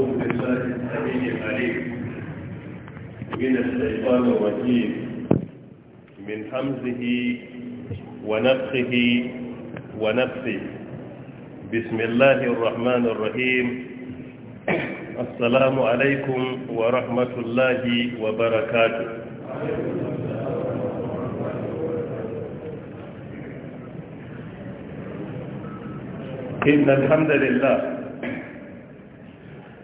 أعوذ بالله السميع العليم من الشيطان الرجيم من حمزه ونفخه ونفسه بسم الله الرحمن الرحيم السلام عليكم ورحمة الله وبركاته إن الحمد لله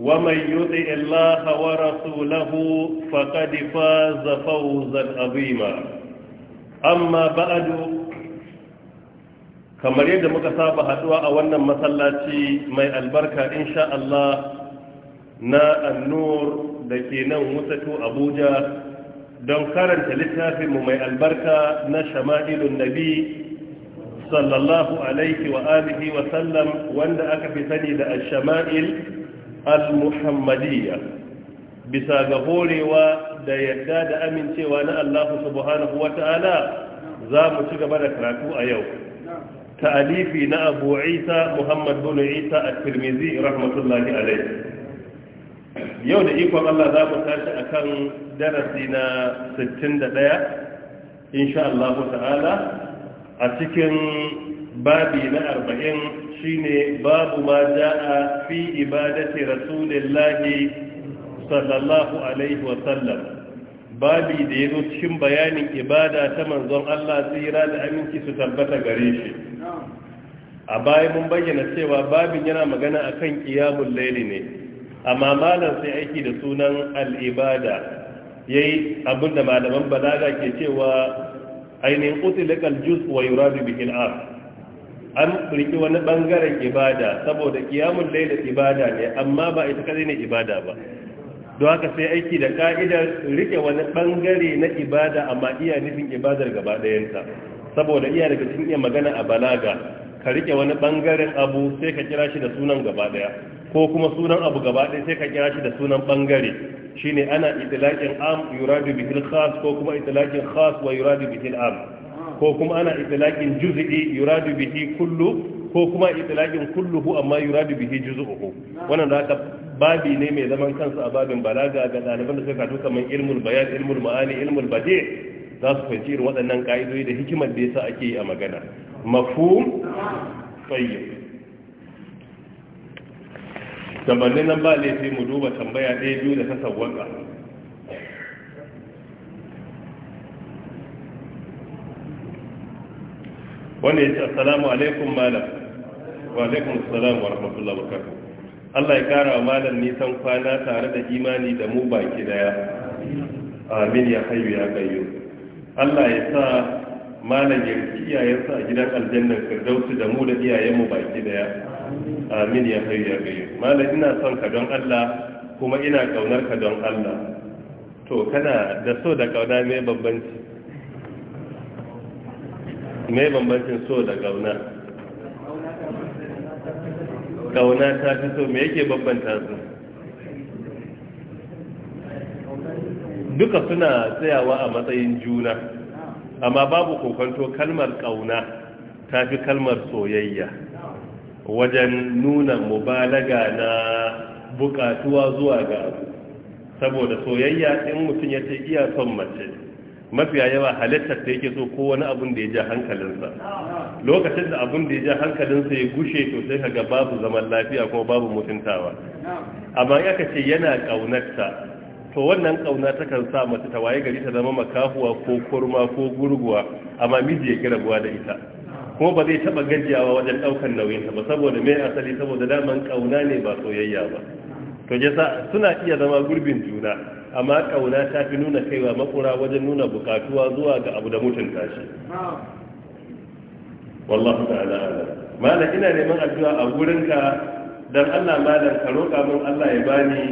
ومن يطع الله ورسوله فقد فاز فوزا عظيما أما بعد kamar yadda muka saba haduwa a wannan masallaci mai albarka insha Allah na annur da ke nan wutatu abuja don karanta littafinmu mai albarka na shama'ilun nabi sallallahu alaihi wa alihi wa sallam wanda aka fi sani da al-shama'il al-muhammadiyya bisa ga horewa da yadda da amincewa na Allah subhanahu ta'ala za mu ci gaba da karatu a yau ta'alifi na Abu Isa Muhammad bin Isa at-Tirmidhi rahmatullahi alayhi yau da ikon Allah za mu tashi akan darasi na 61 insha Allah ta'ala a cikin babi na arba'in shine babu ma ja'a fi ibadati rasulillahi sallallahu alaihi wasallam babi da ya zo cikin bayanin ibada ta manzon Allah tsira da aminci su tabbata gare shi a baya mun bayyana cewa babin yana magana akan qiyamul layli ne amma malam sai aiki da sunan al-ibada yayi abinda malaman balaga ke cewa ainihin utilakal juz wa yuradu bihi al an riki wani bangaren ibada saboda kiyamun laila ibada ne amma ba ita kadai ne ibada ba don haka sai aiki da ka'idar rike wani bangare na ibada amma iya nufin ibadar gaba dayanta saboda iya daga cikin iya magana a balaga ka rike wani bangaren abu sai ka kira shi da sunan gaba daya ko kuma sunan abu gaba daya sai ka kira shi da sunan bangare shine ana itlaqin am yuradu bihil khas ko kuma itlaqin khas wa yuradu bihil am ko kuma ana itlaqin juz'i yuradu bihi kullu ko kuma itlaqin kulluhu amma yuradu bihi juz'uhu wannan da babi ne mai zaman kansa a babin balaga ga ɗaliban da suka kato kamar ilmul bayan ilmul ma'ani ilmul bade za su fahimci irin waɗannan ka'idoyi da hikimar da yasa ake yi a magana mafhum tayyib tambanin nan ba laifi mu duba tambaya ɗaya biyu da ta sawwaka wanda ya ce assalamu alaikum malam wa alaikum assalamu wa rahmatullahi wa barakatuh Allah ya kara wa malam nisan kwana tare da imani da mu baki daya amin ya hayu ya gayyo Allah ya sa malam ya riki iyayensa a gidan aljannan firdausi da mu da iyayenmu baki daya amin ya hayu ya gayyo malam ina son ka don Allah kuma ina kaunar ka don Allah to kana da so da kauna mai bambanci Me bambancin so da gauna gauna ta fi so me yake bambanta su duka suna tsayawa a matsayin juna amma babu kokonto kalmar kauna ta fi kalmar soyayya wajen nuna mubalaga na bukatuwa zuwa ga abu saboda soyayya in mutum ya ce iya son mace mafiya yawa halittar ta yake so ko wani abun da ya ja hankalinsa lokacin da abun da ya ja hankalinsa ya gushe to sai kaga babu zaman lafiya kuma babu mutuntawa amma aka ce yana kaunarta to wannan ƙauna takan sa mace ta waye gari ta zama makahuwa ko kurma ko gurguwa amma miji ya kirabuwa da ita kuma ba zai taɓa gajiyawa wajen ɗaukar nauyinta ba saboda mai asali saboda daman ƙauna ne ba soyayya ba to jasa suna iya zama gurbin juna amma kauna ta fi nuna kaiwa makura wajen nuna bukatuwa zuwa ga abu da mutunta shi wallahu ta'ala malam ina neman addu'a a gurinka dan Allah malam ka roƙa min Allah ya bani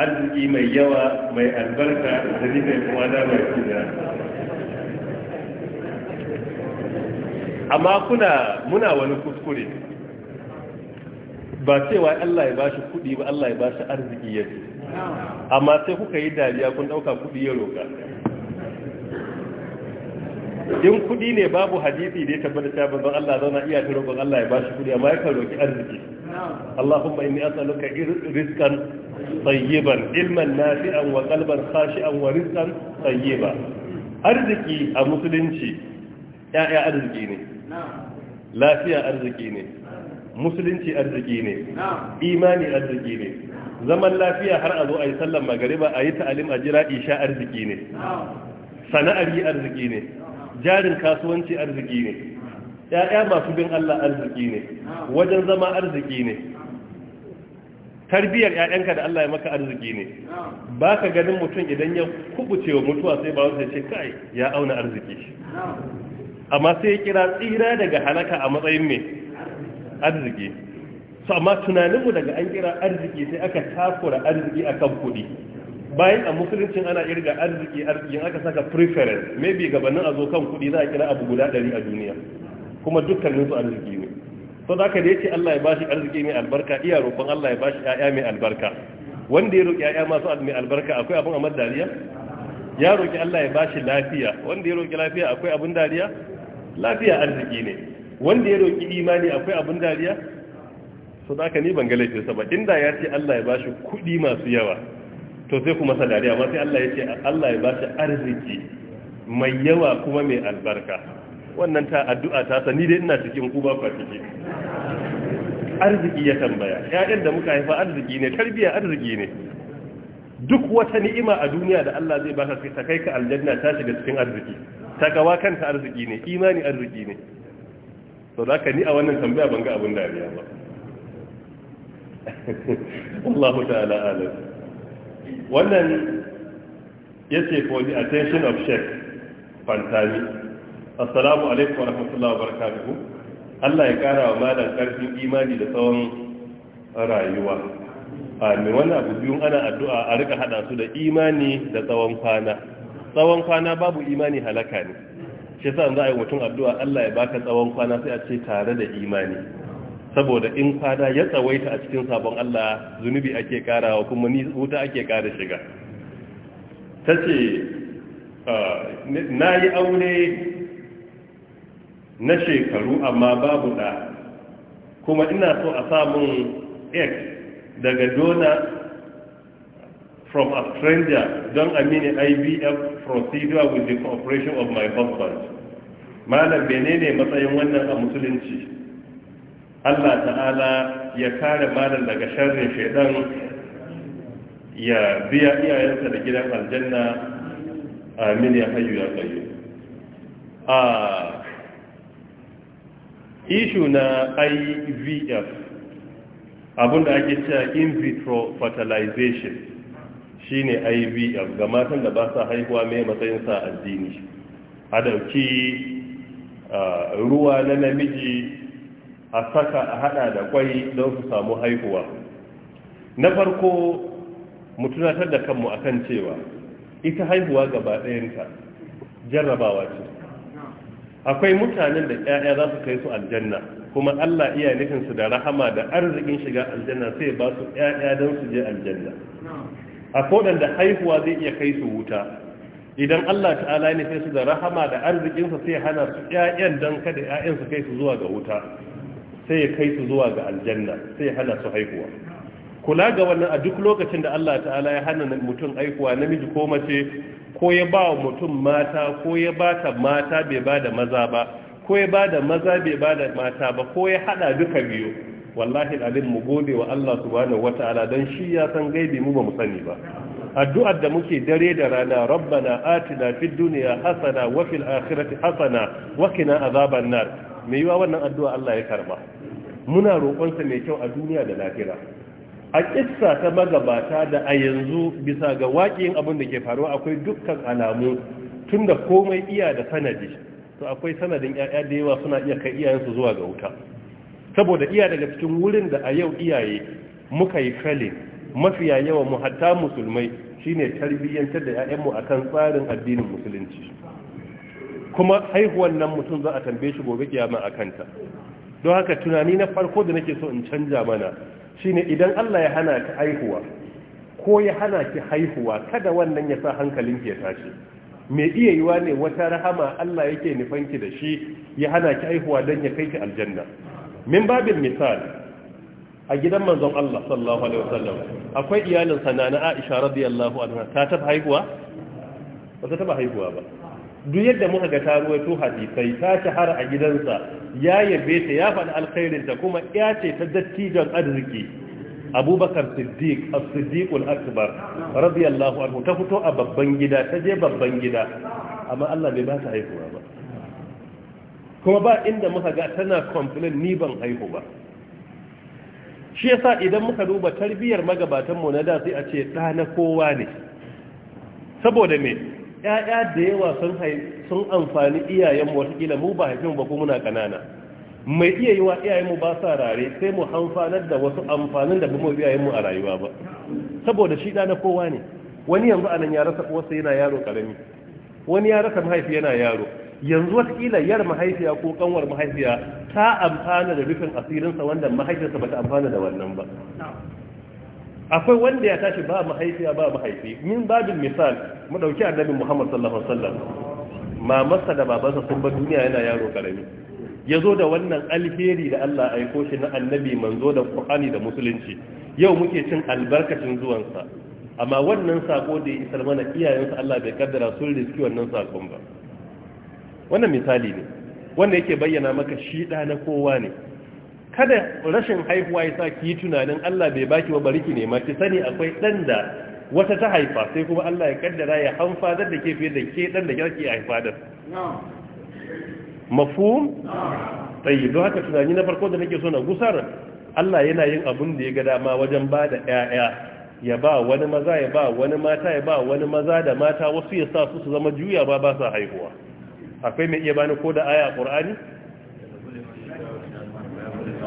arziki mai yawa mai albarka da ni mai kuma da mai kida amma kuna muna wani kuskure ba cewa Allah ya bashi kuɗi ba Allah ya bashi arziki yake amma sai kuka yi dariya kun ɗauka kuɗi ya roƙa in kuɗi ne babu hadisi da ya tabbata ta bazan Allah zauna iya ta roƙon Allah ya ba shi kuɗi amma ya kan roƙi arziki Allahumma inni as'aluka rizqan tayyiban ilman nafi'an wa qalban khashi'an wa rizqan tayyiba arziki a musulunci ya'ya arziki ne lafiya arziki ne musulunci arziki ne imani arziki ne zaman lafiya har a zo a yi sallan magariba a yi ta'alim a jira isha arziki ne sana'ar yi arziki ne jarin kasuwanci arziki ne ya'ya masu bin Allah arziki ne wajen zama arziki ne tarbiyyar ‘ya'yanka da Allah ya maka arziki ne ba ka ganin mutum idan ya kubuce wa mutuwa sai ba ya ce kai ya auna arziki amma sai ya kira tsira daga halaka a matsayin mai arziki to amma tunaninmu daga an kira arziki sai aka takura arziki akan kuɗi bayan a musuluncin ana irga arziki arziki aka saka preference maybe gabanin a zo kan kuɗi za a kira abu guda ɗari a duniya kuma dukkanin su arziki ne to da aka dace Allah ya bashi arziki mai albarka iya roƙon Allah ya bashi ƴaƴa mai albarka wanda ya roƙi ƴaƴa masu mai albarka akwai abin amma dariya ya roƙi Allah ya bashi lafiya wanda ya roƙi lafiya akwai abin dariya lafiya arziki ne wanda ya roƙi imani akwai abin dariya so da aka ni ban ga laifinsa ba inda ya ce Allah ya bashi kuɗi masu yawa to sai kuma sadari amma sai Allah ya ce Allah ya bashi arziki mai yawa kuma mai albarka wannan ta addu'a ta sa ni dai ina cikin ku ba ku ciki arziki ya tambaya ƴaƴan da muka haifa arziki ne tarbiya arziki ne duk wata ni'ima a duniya da Allah zai baka sai ta kai ka aljanna ta shiga cikin arziki ta gawa kanta arziki ne imani arziki ne Sau da ni a wannan tambaya ban ga abin dariya ba Allahu ta'ala alam wannan yace for the attention of Sheikh Fantani Assalamu alaikum wa rahmatullahi wa barakatuhu Allah ya kara wa malam karfin imani da tsawon rayuwa amin wannan abu biyun ana addu'a a rika hada su da imani da tsawon kwana tsawon kwana babu imani halaka ne shi yasa za a yi mutum addu'a Allah ya baka tsawon kwana sai a ce tare da imani saboda in kwana ya tsawaita a cikin sabon Allah zunubi ake karawa kuma ni wuta ake kara shiga ta ce ah, na yi aure na shekaru amma babu da kuma ina so a samun x daga dona from a stranger don amini ibf procedure with the cooperation of my husband malam menene matsayin wannan a musulunci Allah ta'ala ya kare malam daga sharrin shaidan ya biya iyayensa da gidan aljanna amin ya hayu ya qayyum a ishu na IVF abinda ake cewa in vitro fertilization shine IVF ga matan da ba sa haihuwa mai matsayin sa addini a dauki ruwa na namiji a saka a hada da kwai don su samu haihuwa na farko mu tunatar da kanmu akan cewa ita haihuwa gaba ɗayanta jarrabawa ce akwai mutanen da ƴaƴa za su kai su aljanna kuma Allah iya nufinsu da rahama da arzikin shiga aljanna sai ba su ƴaƴa don su je aljanna A kodan da haihuwa zai iya kai su wuta idan Allah ta'ala ya nufin su da rahama da arzikinsa sai hana su ƴaƴan don kada ƴaƴan su kai su zuwa ga wuta sai ya kai su zuwa ga aljanna sai ya hana su haihuwa kula ga wannan a duk lokacin da Allah ta'ala ya hana mutum aihuwa namiji ko mace ko ya ba wa mutum mata ko ya ba ta mata bai ba da maza ba ko ya ba da maza bai ba da mata ba ko ya hada duka biyu wallahi alim mu gode wa Allah subhanahu wata'ala dan shi ya san gaibi mu ba mu sani ba addu'ar da muke dare da rana rabbana atina fid dunya hasana wa fil akhirati hasana wa qina azaban nar me yiwa wannan addu'a Allah ya karba muna roƙonsa mai kyau a duniya da lafira. a ƙisa ta magabata da a yanzu bisa ga waƙin abin da ke faruwa akwai dukkan alamu tun da komai iya da sanadi to akwai sanadin 'ya'ya da yawa suna iya kai iyayensu zuwa ga wuta saboda iya daga cikin wurin da a yau iyaye muka yi fali mafiya yawan mu hatta musulmai shine tarbiyyantar da 'ya'yanmu akan tsarin addinin musulunci kuma haihuwan nan mutum za a tambaye shi gobe kiyama a kanta don haka tunani na farko da nake so in canja mana shine idan Allah ya hana ka haihuwa ko ya hana ki haihuwa kada wannan ya sa hankalin ki ya tashi me iya yiwa ne wata rahama Allah yake nufan ki da shi ya hana ki haihuwa don ya kai ki aljanna min babin misal a gidan manzon Allah sallallahu alaihi wasallam akwai iyalin sanana Aisha radiyallahu anha ta ta haihuwa ba ta taba haihuwa ba duk yadda muka ga ta ruwaito sai ta shahara a gidansa ya yabe ta ya faɗi alkhairin ta kuma ya ce ta dattijon arziki abubakar siddiq as-siddiq al-akbar radiyallahu anhu ta fito a babban gida ta je babban gida amma Allah bai ba ta haihuwa ba kuma ba inda muka ga tana complain ni ban haihu ba shi yasa idan muka duba tarbiyyar magabatan mu na da sai a ce ɗa na kowa ne saboda me ya'ya da yawa sun sun amfani iyayenmu watakila mu ba haifin ba ko muna ƙanana mai iya yi wa iyayenmu ba sa rare sai mu amfanar da wasu amfanin da kuma iyayenmu a rayuwa ba saboda shi ɗa na kowa ne wani yanzu a nan ya rasa uwarsa yana yaro ƙarami wani ya rasa mahaifi yana yaro yanzu watakila yar mahaifiya ko kanwar mahaifiya ta amfana da rufin asirinsa wanda mahaifinsa ba ta amfana da wannan ba akwai wanda ya tashi ba mahaifiya ba mahaifi min babin misal mu dauki annabi Muhammad sallallahu alaihi wasallam mamarsa da babansa sun bar duniya yana yaro karami ya zo da wannan alheri da Allah aiko shi na annabi manzo da Qur'ani da musulunci yau muke cin albarkacin zuwansa amma wannan sako da ya isar mana iyayensa Allah bai kaddara sun riski wannan sakon ba wannan misali ne wanda yake bayyana maka shi da na kowa ne kada rashin haihuwa ya sa ki yi tunanin Allah bai baki ba bariki ne nema sani akwai dan da wata ta haifa sai kuma Allah ya kaddara ya hanfa da ke fiye da ke dan da kike haifa da mafhum tayi don haka tunani na farko da nake so na gusar Allah yana yin abun da ya ga dama wajen ba da ƴaƴa ya ba wani maza ya ba wani mata ya ba wani maza da mata wasu ya sa su zama juya ba ba sa haihuwa akwai mai iya bani ko da aya a ƙur'ani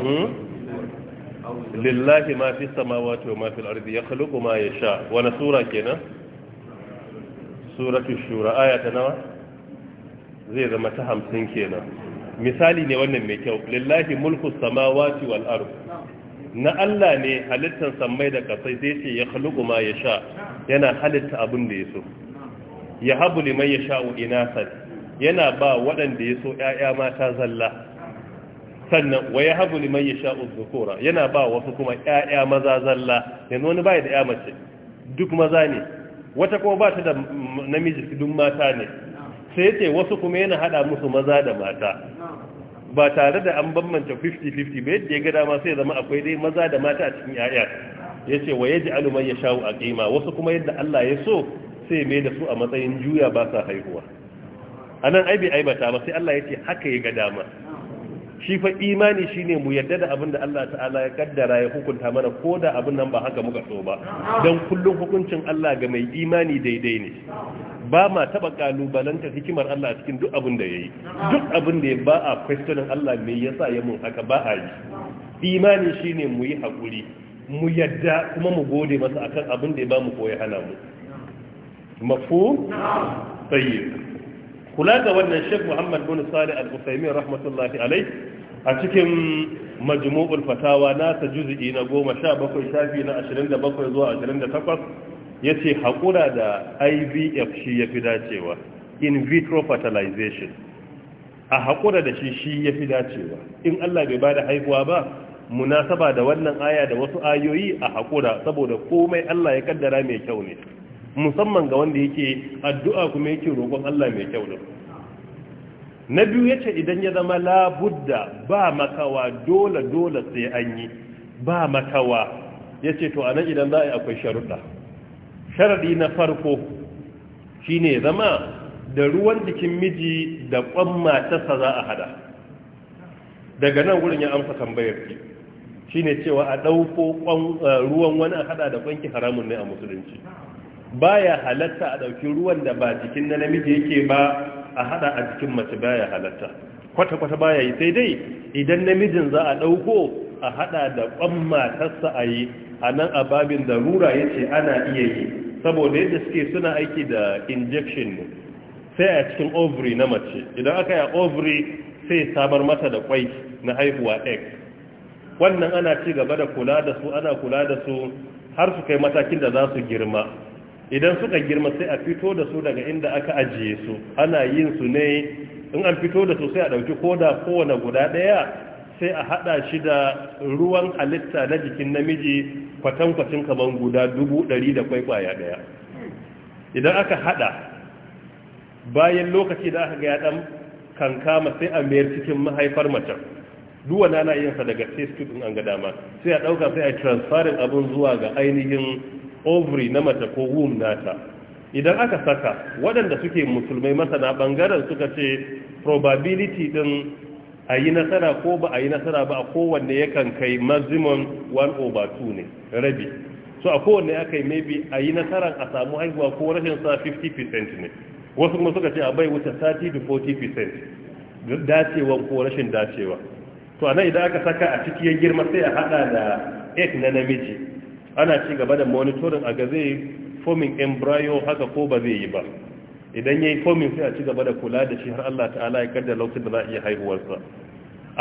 Hmm? lillahi ma fi samawati wa ma fil ardi yakhluqu ma yasha wani sura kenan suratul shura aya ta nawa zai zama ta hamsin kenan misali ne wannan mai kyau lillahi mulku samawati wal ard na Allah ne halittar sammai da kasai zai ce ya khluqu ma yasha yana halitta abin da yaso ya habu liman yasha'u inasan yana ba waɗanda yaso ƴaƴa mata zalla sannan waya yahabu liman yasha'u dhukura yana ba wasu kuma ƴaƴa maza zalla yanzu wani bai da ƴa mace duk maza ne wata kuma ba ta da namiji duk mata ne sai yace wasu kuma yana hada musu maza da mata ba tare da an bambanta 50-50 ba yadda ya ga dama sai zama akwai dai maza da mata a cikin ƴaƴa yace wa yaj'alu man yasha'u aqima wasu kuma yadda Allah ya so sai mai da su a matsayin juya ba sa haihuwa anan bai aibata ba sai Allah yace haka ya ga dama shi fa imani shine mu yadda da abin da Allah ta'ala ya kaddara ya hukunta mana ko da abin nan ba haka muka so ba don kullum hukuncin Allah ga mai imani daidai ne ba ma taba kalubalanta hikimar Allah cikin duk abin da yayi duk abin da ba a questionin Allah me yasa ya mun haka ba a yi imani shine mu yi hakuri mu yadda kuma mu gode masa akan abin da ya ba mu koyi hana mu mafhum tayyib kula da wannan Sheikh Muhammad bin Salih Al-Uthaymeen rahmatullahi alayh a cikin majmu'ul fatawa ta juz'i na 17 shafi na 27 zuwa 28 yace hakura da IVF shi yafi dacewa in vitro fertilization a hakura da shi shi yafi dacewa in Allah bai bada haihuwa ba munasaba da wannan aya da wasu ayoyi a hakura saboda komai Allah ya kaddara mai kyau ne musamman ga wanda yake addu'a kuma yake roƙon Allah mai kyau da na biyu ya ce idan ya zama labudda ba makawa dole dole sai an yi ba makawa ce to anan idan za a yi akwai sharuɗa sharaɗi na farko shi ne zama da ruwan jikin miji da ƙwan matasa za a hada daga nan wurin ya amsa tambayar ki ne cewa a ɗauko eh, ruwan wani a hada da ƙwanki haramun ne a musulunci baya halatta a ɗauki ruwan da ba jikin na namiji yake ba a hada a jikin mace baya halatta kwata-kwata baya yi sai dai idan namijin za a ɗauko a hada da ƙwan matarsa a yi a nan a babin darura ya ce ana iya yi saboda yadda suke suna aiki da injection ne sai a cikin ovary na mace idan aka yi ovary sai samar mata da kwai na haihuwa X. wannan ana ci gaba da kula da su ana kula da su har su kai matakin da za su girma idan suka girma sai a fito da su daga inda aka ajiye su ana yin su ne in an fito da su sai a ɗauki koda kowane guda ɗaya sai a haɗa shi da ruwan halitta na jikin namiji kwatankwacin kamar guda dubu ɗari da kwaikwaya ɗaya idan aka haɗa bayan lokaci da aka gaya ya ɗan kankama sai a mayar cikin mahaifar macen duwa na na sa daga test tube an ga dama sai a ɗauka sai a transferin abin zuwa ga ainihin ovary na mace ko womb nata idan aka saka waɗanda suke musulmai masana ɓangaren suka ce probability din a yi nasara ko ba a yi nasara ba a kowanne yakan kai maximum 1 over 2 ne rabi so a kowanne aka yi maybe a yi nasarar a samu haihuwa ko rashin sa 50% ne wasu kuma suka ce a bai wuce 30 to 40% dacewa ko rashin dacewa to anan idan aka saka a ciki ya girma sai a hada da 8 na namiji ana ci gaba da monitorin a ga zai forming embryo haka ko ba zai yi ba idan yayi yi forming sai a ci gaba da kula da shi har Allah ta'ala ya kaddara lokacin da za a iya haihuwarsa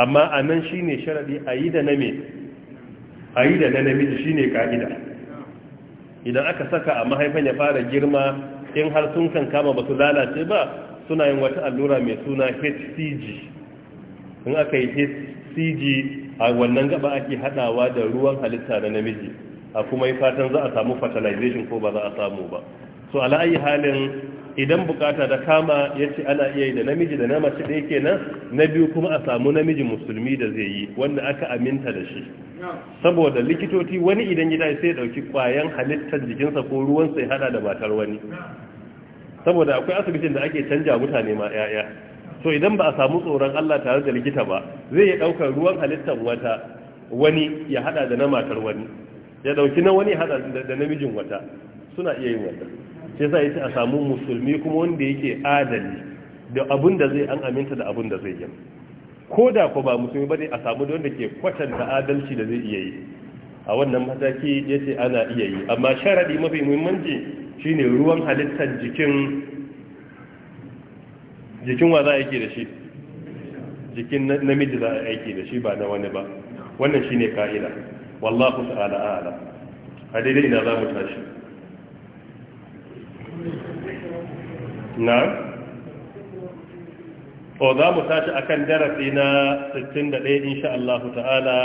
amma anan nan sharadi sharaɗi a yi da na da namiji shine ka'ida idan aka saka a mahaifan ya fara girma in har sun kan kama ba su lalace ba suna yin wata allura mai suna hcg in aka yi hcg a wannan gaba ake hadawa da ruwan halitta na namiji a kuma yi fatan za a samu fertilization ko ba za a samu ba so ala ayi halin idan bukata da kama ya ce ana iya yi da namiji da na mace ɗaya kenan na biyu kuma a samu namiji musulmi da zai yi wanda aka aminta da shi saboda likitoci wani idan gida sai ya ɗauki ƙwayan halittar jikinsa ko ruwan sai hada da matar wani saboda akwai asibitin da ake canja mutane ma 'ya'ya so idan ba a samu tsoron Allah tare da likita ba zai ya ɗaukar ruwan halittar wata wani ya hada da na matar wani ya dauki na wani hada da namijin wata suna iya yin wata sai sa a samu musulmi kuma wanda yake adali da abun da zai an aminta da abun da zai yi ko da ko ba musulmi bane a samu wanda ke kwatanta adalci da zai iya yi a wannan mataki yace ana iya yi amma sharadi mafi muhimmanci shine ruwan halittar jikin jikin wa za a yake da shi jikin namiji za a aiki da shi ba na wani ba wannan shine ka'ida wallahu ta'ala a'lam a daidai ina za mu tashi na to za mu tashi akan darasi na 61 insha Allah ta'ala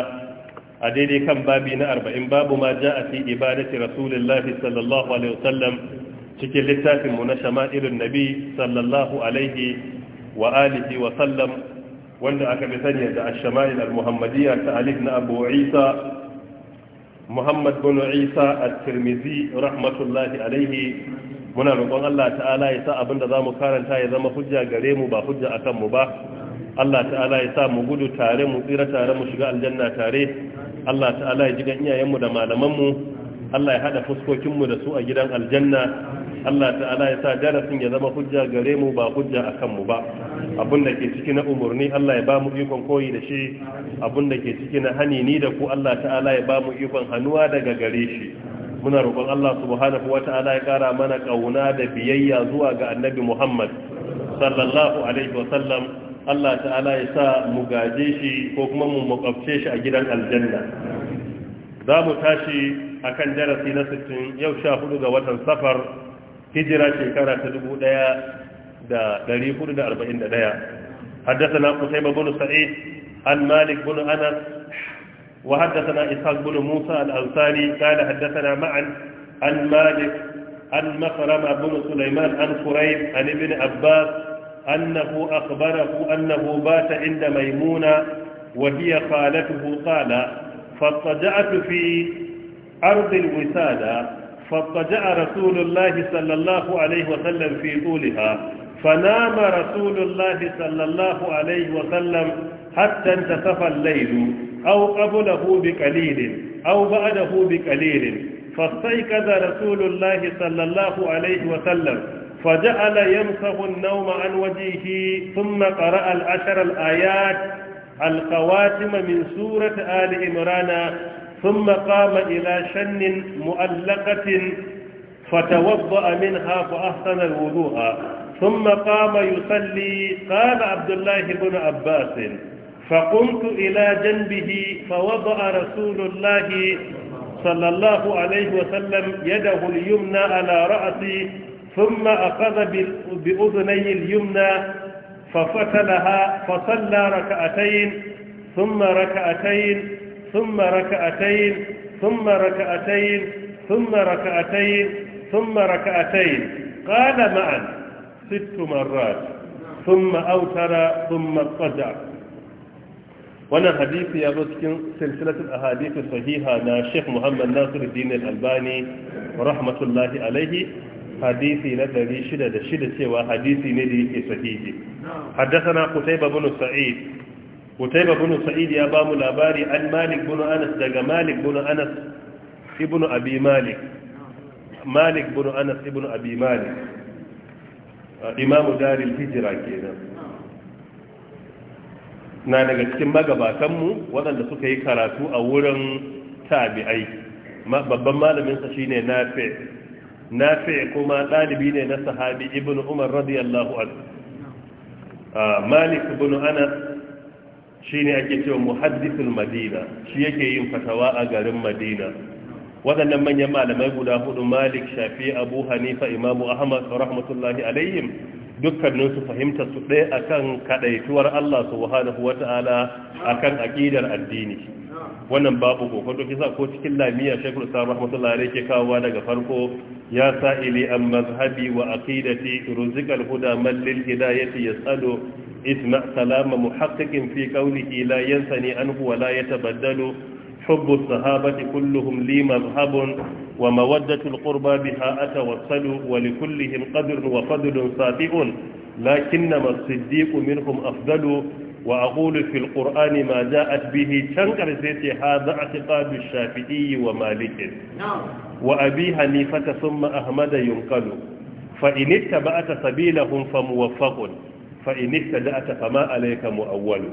a daidai kan babi na 40 babu ma ja'a fi ibadati rasulillahi sallallahu alaihi wasallam cikin littafin mu na shama'ilun nabi sallallahu alaihi wa alihi wa sallam wanda aka bi sani da ash-shama'il al-muhammadiyya ta alif na Abu Isa muhammad bin isa a tirmizi rahmatullahi alaihi muna roƙon Allah ta'ala ya sa abin da za mu karanta ya zama hujja gare mu ba hujja akan mu ba Allah ta'ala ya sa mu gudu tare mu tsira tare mu shiga aljanna tare Allah ta'ala ya ji iyayenmu da malamanmu Allah ya hada fuskokinmu da su a gidan aljanna Allah ta'ala ya sa darasin ya zama hujja gare mu ba hujja a kanmu ba Abun da ke ciki na umarni Allah ya ba mu ikon koyi da shi Abun da ke ciki na hani ni da ku Allah ta'ala ya ba mu ikon hannuwa daga gare shi muna roƙon Allah subhanahu ta'ala ya ƙara mana ƙauna da biyayya zuwa ga annabi Muhammad sallallahu alaihi wa sallam. Allah ta'ala ya sa mu gaje shi ko kuma mu makwabce shi a gidan aljanna za mu tashi akan darasi na 60 yau sha hudu ga watan safar hijira shekara ta dubu ɗaya da ɗari hudu da حدثنا قصيبة بن سعيد عن مالك بن أنس وحدثنا إسحاق بن موسى الأنصاري قال حدثنا معا عن مالك عن مخرم بن سليمان عن قريب عن ابن عباس أنه أخبره أنه بات عند ميمونة وهي خالته قال فاضطجعت في أرض الوسادة فاضطجع رسول الله صلى الله عليه وسلم في طولها فنام رسول الله صلى الله عليه وسلم حتى انتصف الليل أو قبله بقليل أو بعده بقليل فاستيقظ رسول الله صلى الله عليه وسلم فجعل يمسح النوم عن وجهه ثم قرأ العشر الآيات القواتم من سورة آل إمران ثم قام إلى شن مؤلقة فتوضأ منها فأحسن الوضوء ثم قام يصلي قال عبد الله بن عباس فقمت إلى جنبه فوضع رسول الله صلى الله عليه وسلم يده اليمنى على رأسي ثم أخذ بأذني اليمنى ففتلها فصلى ركعتين ثم ركعتين ثم ركعتين ثم ركعتين ثم ركعتين ثم ركعتين قال معا ست مرات ثم أوتر ثم اضطجع wannan hadisi ya zo cikin silsilatul ahadithu sahiha na Sheikh Muhammad Nasiruddin Al-Albani rahmatullahi alaihi hadisi na 606 cewa hadisi ne da yake sahihi haddathana Qutayba bin Sa'id Kutaiba bin Sa'id ya ba mu labari an Malik bin Anas daga Malik bin Anas ibn Abi Malik Malik bin Anas ibn Abi Malik uh, Imam Daril Hijra kenan na daga cikin magabatanmu waɗanda suka yi karatu a wurin tabi'ai babban malaminsa shine nafi nafe kuma ɗalibi ne na sahabi ibn umar radiyallahu anhu uh, malik bin anas Shin ake cewa muhaddisul madina shi yake yin fatawa a garin madina waɗannan manyan malamai guda hudu malik shafi abu hanifa imamu ahmad rahmatullahi alayhim dukkanin su fahimta su ɗaya akan kadaituwar Allah subhanahu wata'ala akan aqidar addini wannan babu kokon doki ko cikin lamiya shekul sa rahmatullahi alayhi ke kawowa daga farko ya sa'ili an mazhabi wa aqidati ruzqal huda man lil hidayati yasalu اسمع كلام محقق في قوله لا ينثني عنه ولا يتبدل حب الصحابة كلهم لي مذهب ومودة القربى بها أتوصل ولكلهم قدر وفضل سابع لكنما الصديق منهم أفضل وأقول في القرآن ما جاءت به شنكر زيتي هذا اعتقاد الشافعي ومالك وأبي حنيفة ثم أحمد ينقل فإن اتبعت سبيلهم فموفق fa inista da ata fama alayka mu'awwalu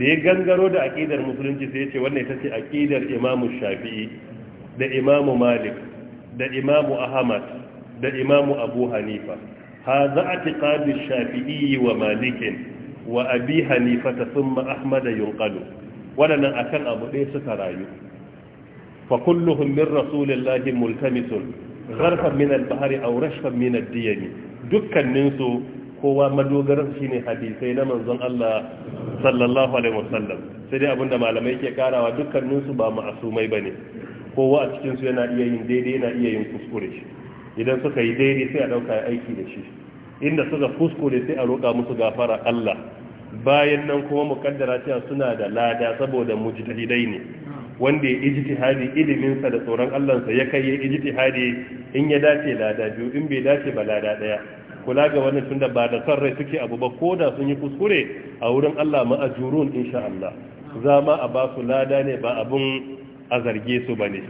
da ya gangaro da aƙidar musulunci sai ya ce wannan ita ce aqidar Imamu Shafi'i da Imamu Malik da Imamu Ahmad da Imamu Abu Hanifa a i'tiqad ash-Shafi'i wa Malikin wa Abi Hanifa thumma Ahmad yunqalu wadannan akan abu ɗaya suka rayu fa kulluhum min rasulillahi multamisun gharfan min al-bahri aw rashfan min ad-diyami dukkaninsu kowa madogaran ne hadisai na manzon Allah sallallahu alaihi wasallam sai dai abinda malamai ke karawa dukkanin su ba ma'asumai bane kowa a cikin su yana iya yin daidai yana iya yin kuskure idan suka yi daidai sai a dauka aiki da shi inda suka kuskure sai a roƙa musu gafara Allah bayan nan kuma mukaddara cewa suna da lada saboda mujtahidai ne wanda ya ijtihadi iliminsa da tsoron sa ya kai ya ijtihadi in ya dace lada biyu in bai dace ba lada daya kula ga wani tunda ba da son suke abu ba ko da sun yi kuskure a wurin Allah ma'ajurun insha Allah za ma a ba su lada ne ba abun azarge su ba ne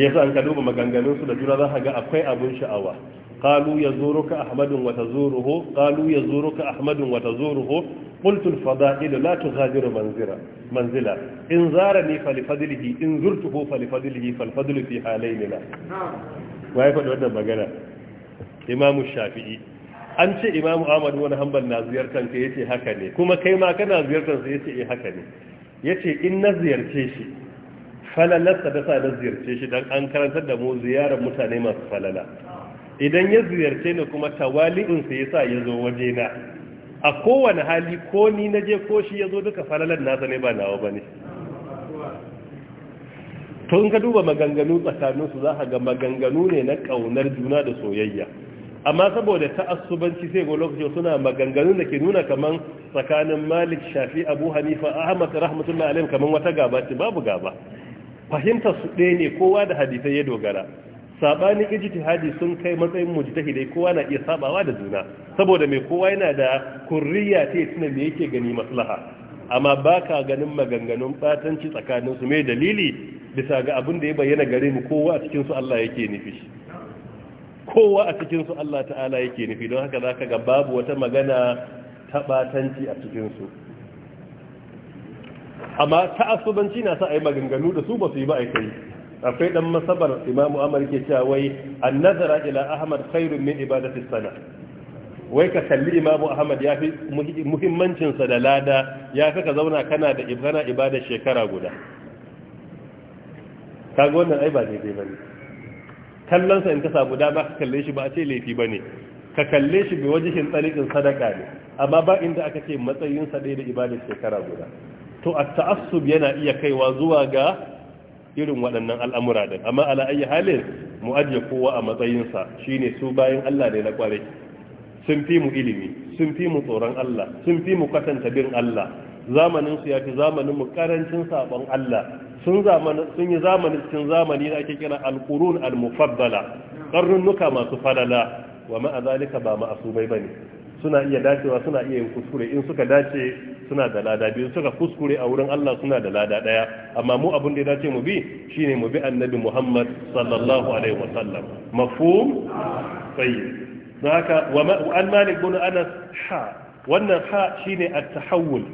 ya sa an ka duba maganganun su da juna za ka ga akwai abun sha'awa qalu yazuruka ahmadun wa tazuruhu qalu yazuruka ahmadun wa tazuruhu qultu al-fada'il la tughadiru manzila manzila in zara ni fa in zurtuhu fa li fadlihi fa al-fadlu fi halaynina na'am wai fa wannan magana imamu shafi'i an ce imamu ahmad wani hanbal na ziyartar ka yace haka ne kuma kai ma kana ziyartar sa yace eh haka ne yace in na ziyarce shi falalarsa da sa na ziyarce shi dan an karantar da mu ziyarar mutane masu falala idan ya ziyarce ni kuma tawali'un sa yasa ya zo waje na a kowane hali ko ni na je ko shi ya zo duka falalar nasa ne ba nawa bane to in ka duba maganganu tsakaninsu za ka ga maganganu ne na ƙaunar juna da soyayya amma saboda ta'assubanci sai ga lokaci suna maganganun da ke nuna kaman tsakanin malik shafi abu hanifa ahmad rahmatullahi alaihi kaman wata gaba ce babu gaba fahimta su ɗaya ne kowa da hadisai ya dogara sabanin ijtihadi sun kai matsayin mujtahidai kowa na iya sabawa da juna saboda mai kowa yana da kurriya ta tuna me yake gani maslaha amma baka ganin maganganun batanci tsakanin su mai dalili bisa ga abin da ya bayyana gare mu kowa a cikin su Allah yake nufi kowa a cikinsu Allah ta'ala yake nufi don haka za ka ga babu wata magana taɓatanci a cikinsu amma ta'asubanci na sa a yi maganganu da su ba su yi ba a kai akwai ɗan masabar imamu amar ke cewa wai an nazara ila ahmad khairun min ibadati sana wai ka kalli imamu ahmad ya fi muhimmancinsa da lada ya fi zauna kana da ibana ibadar shekara guda kaga wannan ai ba daidai ba kallonsa in ka samu dama ka kalle shi ba a ce laifi ba ne ka kalle shi bai shin tsarikin sadaka ne amma ba inda aka ce matsayinsa ɗaya da ibadar shekara guda to a ta'assub yana iya kaiwa zuwa ga irin waɗannan al'amura din amma ala ayi halin mu ajiye kowa a matsayinsa shine su bayan Allah ne na kwarai sun fi mu ilimi sun fi mu tsoron Allah sun fi mu kwatanta bin Allah zamanin su yafi zamanin mu karancin sabon Allah sun sun yi zamanin cikin zamani da ake kira al al masu falala wa ma'azalika zalika ba ma'asumai bane suna iya dacewa suna iya yin kuskure in suka dace suna da lada biyu suka kuskure a wurin Allah suna da lada daya amma mu abin da ya dace mu bi shine mu bi annabi Muhammad sallallahu alaihi wasallam mafhum tayyib haka wa an malik bin anas ha wannan ha shine at-tahawul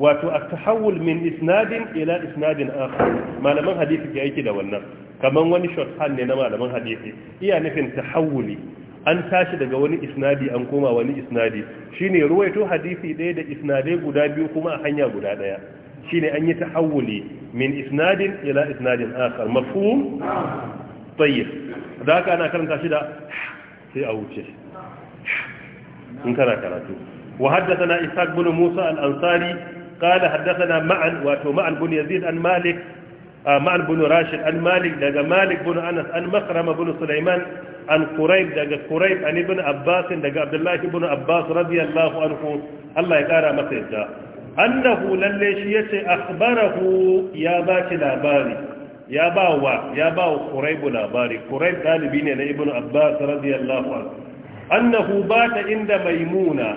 wato a tahawul min isnadin ila isnadin akhar malaman hadisi ke aiki da wannan kaman wani hand ne na malaman hadisi iya nufin tahawuli an tashi daga wani isnadi an koma wani isnadi shine ruwaito hadisi ɗaya da isnadai guda biyu kuma a hanya guda ɗaya shine an yi tahawuli min isnadin ila isnadin akhar mafhum tayyib da haka ana karanta shi da sai a wuce in kana karatu wa haddathana ishaq bin musa al-ansari قال حدثنا معا واتو معا بن يزيد عن مالك معا بن راشد عن مالك دقى مالك بن أنس عن مخرم بن سليمان عن قريب دقى قريب عن ابن عباس دقى عبد الله بن عباس رضي الله عنه الله يقارى مسجد أنه لليشية أخبره يا باك لاباري يا باوا يا باو قريب لاباري قريب قال بني ابن عباس رضي الله عنه أنه بات عند ميمونة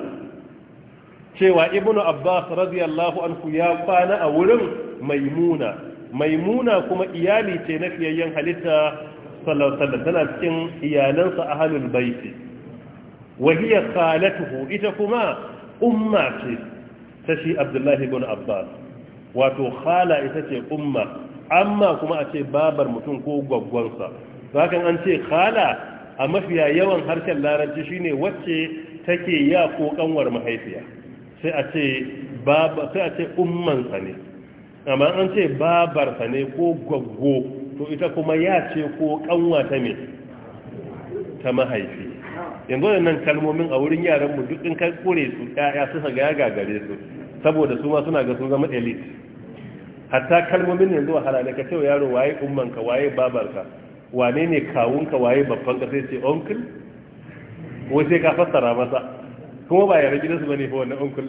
cewa ibnu abbas radiyallahu anhu ya kwana a wurin maimuna maimuna kuma iyali ce na fiyayyen halitta sallallahu alaihi tana cikin iyalansa ahlul baiti wa hiya khalatuhu ita kuma umma ce ta shi abdullahi ibn abbas wato khala ita ce umma amma kuma a ce babar mutum ko gwaggwansa hakan an ce khala a mafiya yawan harshen larabci shine wacce take ya ko kanwar mahaifiya sai a ce sa ne amma an ce babar ne ko gwaggo to ita kuma ya ce ko kanwa ta ne ta mahaifi yanzu da nan kalmomin a wurin yaran mu duk in kai kore su ƴaƴa su ga gagare su saboda su ma suna ga sun zama elite hatta kalmomin yanzu a wahala ne ka ce yaro waye ummanka waye babarka wane ne kawunka waye babban ka sai ce uncle ko sai ka fassara masa kuma ba yare gidansu bane fa wannan uncle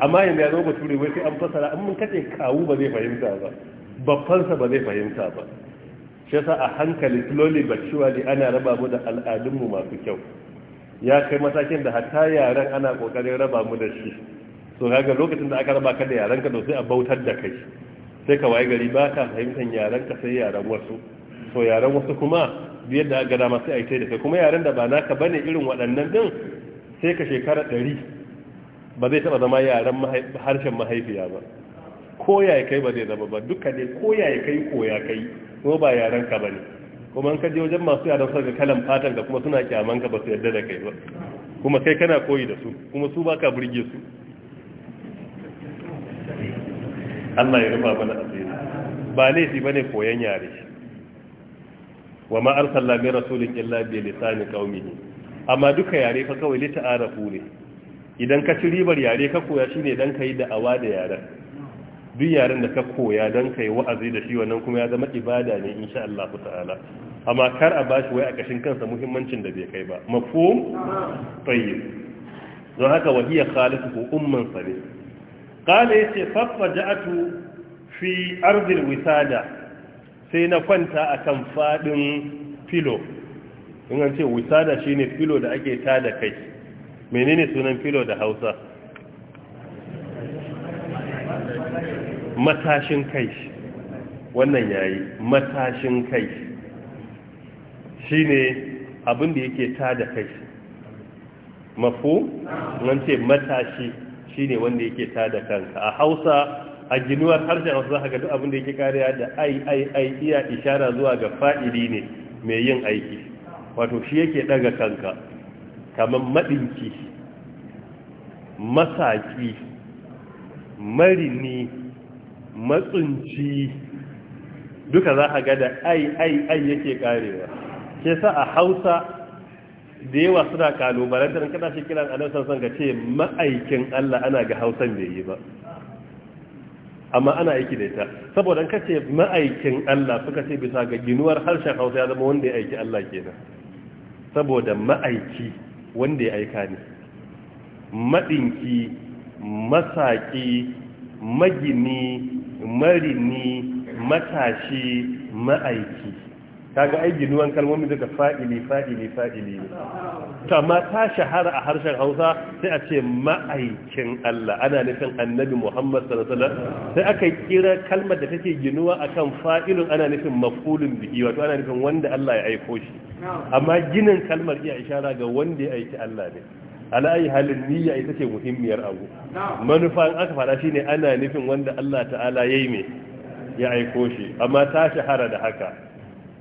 amma yanzu ya zo ba ture wai sai an fasara an mun kace kawu ba zai fahimta ba babbansa ba zai fahimta ba shi yasa a hankali slowly but surely ana raba mu da al'adunmu masu kyau ya kai matakin da hatta yaran ana kokarin raba mu da shi so kaga lokacin da aka raba ka da yaran ka to sai a bautar da kai sai ka waye gari ba ka fahimtar yaran ka sai yaran wasu so yaran wasu kuma biyar da aka dama sai a yi da kai kuma yaren da ba naka bane irin waɗannan din sai ka shekara ɗari ba zai taɓa zama yaren harshen mahaifiya ba ko ya kai ba zai zama ba duka ne ko ya kai ko ya kai ko ba yaren ka ba ne kuma ka je wajen masu yaran sarka kalan fatan ka kuma suna kyaman ka ba su yadda da kai ba kuma kai kana koyi da su kuma su ba ka burge su Allah ya rufa mana asiri ba laifi bane koyan yare wa ma arsalna bi rasulin illa bi lisani qaumihi amma duka yare fa kawai lita'arafu ne idan ka ci ribar yare ka koya shi shine dan yi da'awa da yaren duk yaren da ka koya dan yi wa'azi da shi wannan kuma ya zama ibada ne in insha Allah ta'ala amma kar a bashi wai a kashin kansa muhimmancin da bai kai ba mafhum tayyib don haka wahiya ko umman salih qala yace faffa ja'atu fi ardil wisada sai na kwanta akan faɗin filo in an ce wisada ne filo da ake ta da kai menene sunan filo da hausa matashin kai wannan yayi matashin kai shine abin da yake da kai mafu nan ce matashi shine wanda yake da kanka a hausa a ginuwar harshen hausa haka duk abinda yake kariya da ai ai ai iya ishara zuwa ga fa'ili ne mai yin aiki wato shi yake daga kanka kamar madinki, masaki marini matsunci duka za a ga da ai ai ai yake karewa ke sa a hausa da yawa suna kalubalantar kada shi kiran annabi san ga ce ma'aikin Allah ana ga hausan bai yi ba amma ana aiki da ita saboda kace ma'aikin Allah suka ce bisa ga ginuwar harshen hausa ya zama wanda ya aiki Allah kenan saboda ma'aiki wanda ya aika ni, maɗinki masaƙi magini marini matashi ma'aiki kaga ai ginuwan kalmomi daga fa'ili fa'ili fa'ili ne to amma ta shahara a harshen Hausa sai a ce ma'aikin Allah ana nufin Annabi Muhammad sallallahu alaihi wasallam sai aka kira kalmar da take ginuwa akan fa'ilun ana nufin maf'ulun bihi wato ana nufin wanda Allah ya aiko shi amma ginin kalmar iya ishara ga wanda ya aiki Allah ne ala ayi halin niyya ita ce muhimmiyar abu manufa aka fara shine ana nufin wanda Allah ta'ala yayi me ya aiko shi amma ta shahara da haka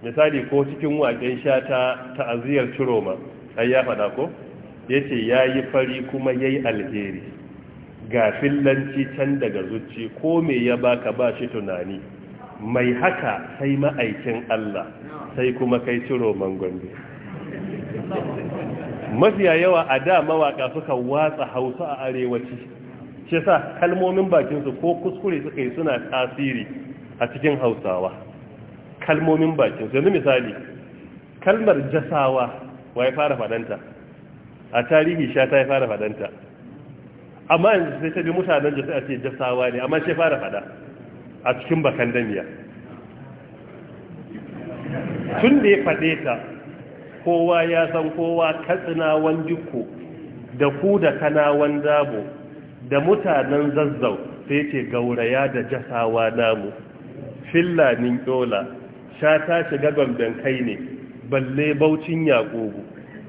misali ko cikin waƙen sha ta ta'aziyar ciroma ai ya faɗa ko yace yi fari kuma yayi alheri ga fillanci can daga zuci ko me ya baka ba shi tunani mai haka sai ma'aikin Allah sai kuma kai ciro gombe mafiya yawa a da mawaƙa suka watsa hausa a arewaci shi sa kalmomin bakinsu ko kuskure suka yi suna tasiri a cikin hausawa kalmomin bakin yanzu misali kalmar jasawa wa fara fadanta a tarihi sha ta ya fara fadanta amma yanzu sai ta bi mutanen da sai a ce jasawa ne amma sai fara fada a cikin bakan damiya tun da ya fade ta kowa ya san kowa katsinawan dukko da ku da kanawan damu, da mutanen zazzau sai ce gauraya da jasawa namu fillanin yola sha ta shiga gomben kai ne balle baucin yakubu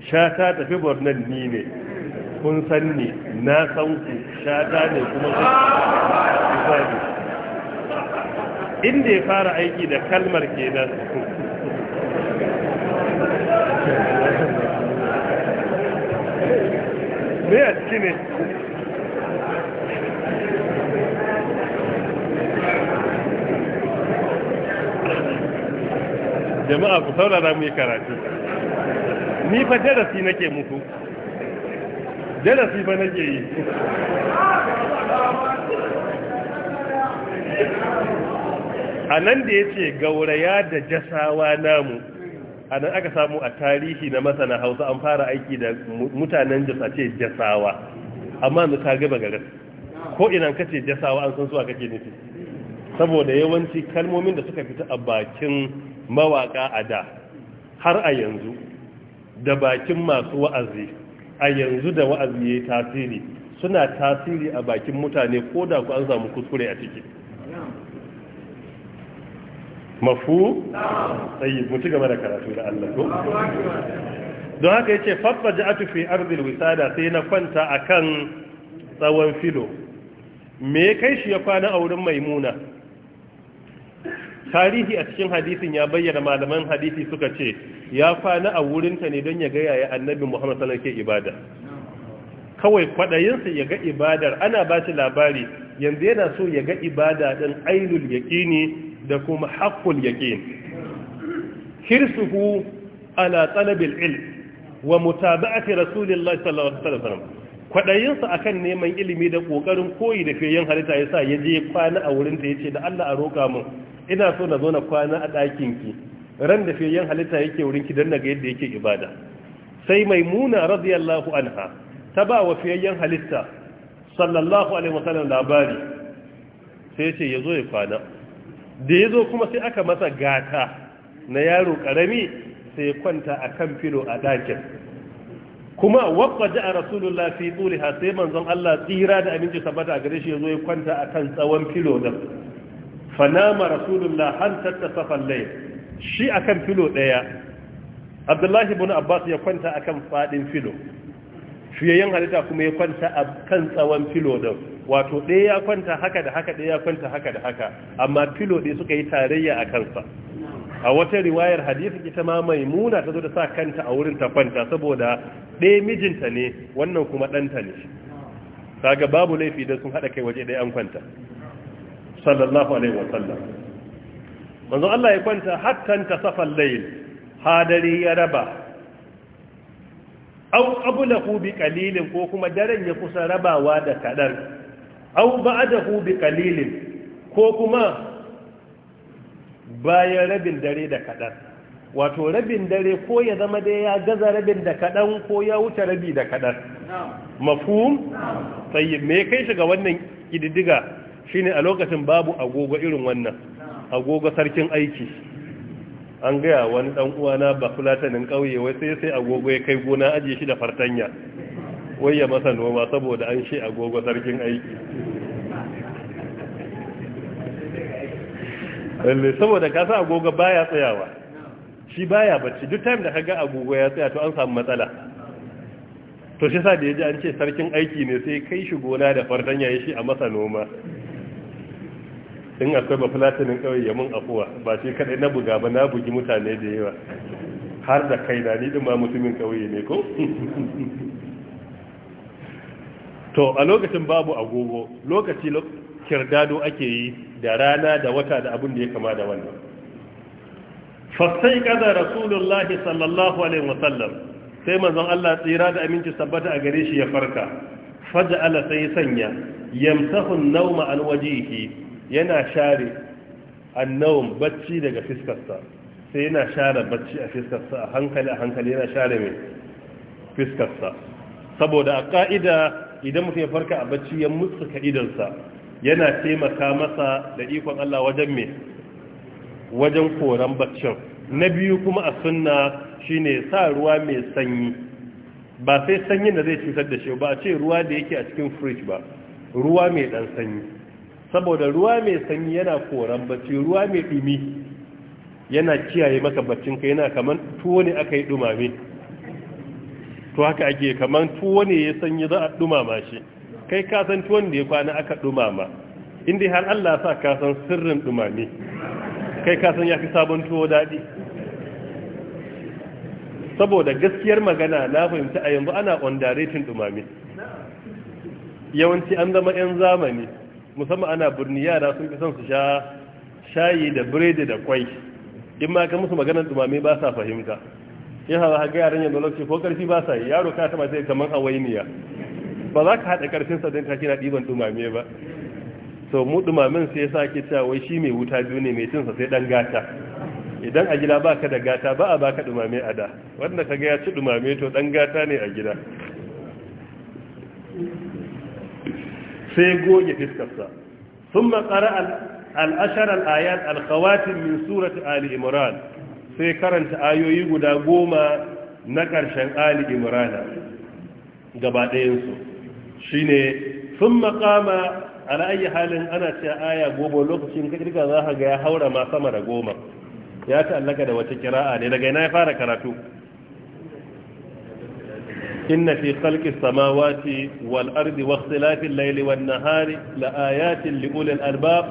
sha ta tafi bornan ni ne kun san ne na san ku sha ta ne kuma ku inda ya fara aiki da kalmar kenan da su ne jama'a ku saurara mu yi karatu ni fa darasi nake muku darasi ba nake yi a nan da ya ce gauraya da jasawa namu a nan aka samu a tarihi na masana hausa an fara aiki da mutanen jasa ce jasawa amma nu ta gaba garas ko inan kace jasawa an san su a kake nufi saboda yawanci kalmomin da suka fita a bakin mawaka a da har a yanzu da bakin masu wa'azi a yanzu da wa'azi ya tasiri suna tasiri a bakin mutane ko da ku an samu kuskure a ciki mafu tsayi mutu game da karatu da Allah don haka yace fabba ja'atu fi arzil wisada sai na kwanta akan tsawon filo me kai shi ya kwana a wurin maimuna tarihi a cikin hadisin ya bayyana malaman hadisi suka ce ya kwana a wurinta ne don ya ga yaya annabi Muhammad sallallahu alaihi ibada kawai kwaɗayinsa ya ga ibadar ana ba shi labari yanzu yana so ya ga ibada din ainul yaqini da kuma haqqul yaqin hirsuhu ala talabil ilm wa mutaba'ati rasulillahi sallallahu alaihi wasallam kwaɗayinsa akan neman ilimi da ƙoƙarin koyi da fiyayen halitta yasa sa ya je kwana a wurinta ya ce da Allah a roka mu ina so na zo na kwana a ɗakin ki ran da fiye halitta yake wurin ki danna ga yadda yake ibada sai maimuna radiyallahu anha ta ba wa fiyayyen halitta sallallahu alaihi wasallam labari sai ya ce ya zo ya kwana da ya zo kuma sai aka masa gata na yaro karami sai ya kwanta a kan filo a ɗakin kuma wakwa ji a rasulullah fi tsuriha sai manzon Allah tsira da abinci sabata a gare shi ya zo ya kwanta a kan tsawon filo din fanama rasulullah har tattasafa lai shi akan filo daya abdullahi ibn abbas ya kwanta akan fadin filo fiyayyen halitta kuma ya kwanta a kan tsawon filo din wato ɗaya ya kwanta haka da haka ɗaya ya kwanta haka da haka amma filo ɗaya suka yi tarayya a kansa a wata riwayar hadisi ita ma Muna ta zo da sa kanta a wurin ta kwanta saboda ɗaya mijinta ne wannan kuma ɗanta ne kaga babu laifi da sun haɗa kai waje ɗaya an kwanta sallallahu alaihi wasallam manzo Allah ya kwanta ta tasafal layl hadari ya raba aw qablahu bi qalilin ko kuma daren ya kusa rabawa da kadan aw ba'dahu bi qalilin ko kuma bayan rabin dare da kadan wato rabin dare ko ya zama da ya gaza rabin da kadan ko ya wuce rabi da kadan mafhum sai me kai shiga wannan kididiga shine a lokacin babu agogo irin wannan agogo sarkin aiki an gaya wani ɗan'uwana ba fulatanin ƙauye wai sai sai agogo ya kai gona ajiye shi da fartanya wai ya masa noma saboda an shi agogo sarkin aiki lalle saboda ka sa agogo baya tsayawa shi baya bacci duk time da ka ga agogo ya tsaya to an samu matsala to shi sa da ya ji an ce sarkin aiki ne sai kai shi gona da fartanya ya shi a masa noma in akwai ba fulatinin kawai yamin afuwa ba shi kadai na buga ba na bugi mutane da yawa har da kai na ni ma mutumin kawai ne ko to a lokacin babu agogo lokaci kirdado ake yi da rana da wata da abin da ya kama da wannan fasai kada rasulullahi sallallahu alaihi wasallam sai manzon Allah tsira da aminci sabbata a gare shi ya farka faja'ala sai sanya yamsahu an-nawma an wajihi yana share annawun bacci daga fiskarsa sai yana share bacci a fiskarsa a hankali a hankali yana share mai fiskarsa saboda a ka'ida idan mutum ya farka a bacci ya ka idansa yana taimaka masa da ikon Allah wajen mai wajen koran baccin na biyu kuma a sunna shine sa ruwa mai sanyi ba sai sanyin da zai cutar da shi ba a ce ruwa da yake a cikin fridge ba ruwa mai dan sanyi saboda ruwa mai sanyi yana koran bacci ruwa mai dumi yana kiyaye maka baccin ka yana kaman tuwo ne aka yi dumame to haka ake kaman tuwo ne ya sanyi za a dumama shi kai ka san tuwon da ya kwana aka dumama inda har Allah sa ka san sirrin dumame kai ka san yafi sabon tuwo dadi saboda gaskiyar magana na fahimta a yanzu ana underrating dumame yawanci an zama 'yan zamani musamman ana birni yara sun fi son su sha shayi da biredi da kwai in ma ka musu maganar dumame ba sa fahimta in hawa haka yaran yadda lokaci ko karfi ba sa yi yaro ka taba sai kamar hawainiya ba za ka haɗa karfin sa don take na ɗiban dumame ba so mu dumamen sai sa ke cewa wai shi mai wuta biyu ne mai cin sa sai dan gata idan a gida ba ka da gata ba a baka dumame a da wanda ga ya ci dumame to dan gata ne a gida sai goge fiskarsa sun makara al’asharar ayat alkhawatin min surat ali imran sai karanta ayoyi guda goma na ƙarshen ali imran gaba ɗayensu sun makama al’ayi halin ana ce aya goma lokacin ƙirga za ga ya haura ma sama da goma ya ta’allaka da wata kira'a ne daga ina ya fara karatu inna fi khalqis samawati wal ardi wakhtilafi al-layli wan nahari la ayatin li ulil albab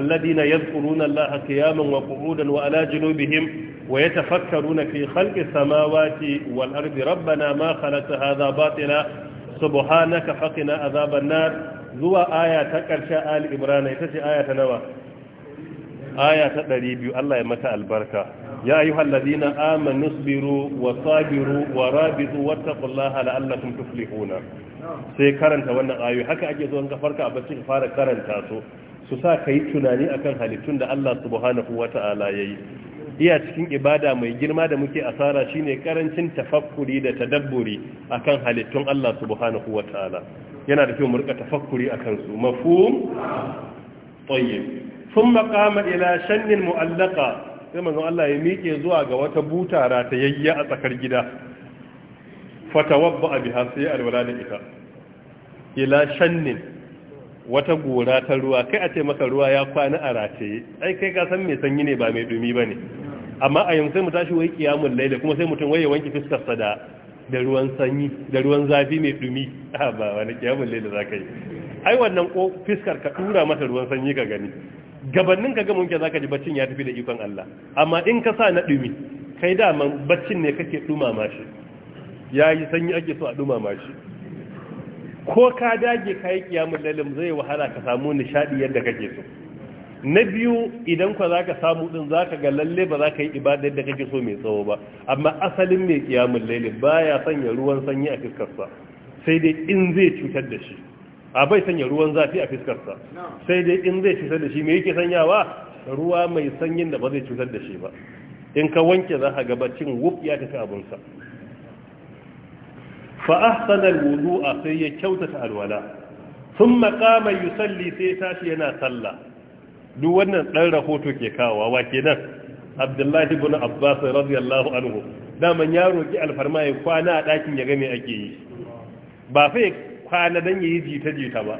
alladhina yadhkuruna Allaha qiyaman wa qu'udan wa ala junubihim wa yatafakkaruna fi khalqis samawati wal ardi rabbana ma khalaqta hadha batila subhanaka faqina adhaban nar zuwa ayata karsha al-ibrana ita ce ayata nawa ayata 200 Allah ya mata albarka يا أيها الذين آمنوا اصبروا وصابروا ورابطوا واتقوا الله لعلكم تفلحون sai karanta wannan ayoyi haka ake zuwan kafarka a bacci ka fara karanta su su sa ka yi tunani akan halittun da Allah subhanahu wa ta'ala ya yi iya cikin ibada mai girma da muke asara shine karancin tafakkuri da tadabburi akan halittun Allah subhanahu wa ta'ala yana da kyau mu rika tafakkuri kan su mafhum tayyib thumma qama ila shannin mu'allaka sai manzon Allah ya miƙe zuwa ga wata buta ratayayya a tsakar gida fatawabba biha sai alwala da ita ila shannin wata gora ta ruwa kai a ce maka ruwa ya kwana a rataye ai kai ka san mai sanyi ne ba mai dumi bane amma a yanzu sai mu tashi wai kiyamul laila kuma sai mutum waye wanke fuskar sa da da ruwan sanyi da ruwan zafi mai dumi ah, ba wani kiyamul laila zaka yi ai wannan ko fiskar ka dura mata ruwan sanyi ka gani gabanin ka gama za zaka ji baccin ya tafi da ikon Allah amma in ka sa na dumi kai dama baccin ne kake dumama shi yi sanyi ake so a dumama shi ko ka dage ka yi ƙiyamun lalim zai wahala ka samu nishaɗi yadda kake so na biyu idan ka za ka samu ɗin za ka ga lalle ba za ka yi ibadar da kake so mai tsawo ba amma asalin mai kiyamun lalim ba ya sanya ruwan sanyi a fiskarsa sai dai in zai cutar da shi a bai sanya ruwan zafi a fiskarsa sai dai in zai cutar da shi me yake sanyawa ruwa mai sanyin da ba zai cutar da shi ba in ka wanke za ka gabacin wuf ya tafi abunsa fa ahsanal a sai ya kyautata alwala thumma qama yusalli sai tashi yana sallah duk wannan dan rahoto ke kawo wa kenan Abdullahi ibn Abbas radiyallahu anhu daman ya roki alfarma ya kwana a dakin ya ga me ake yi ba fa kwana dan yi jita-jita ba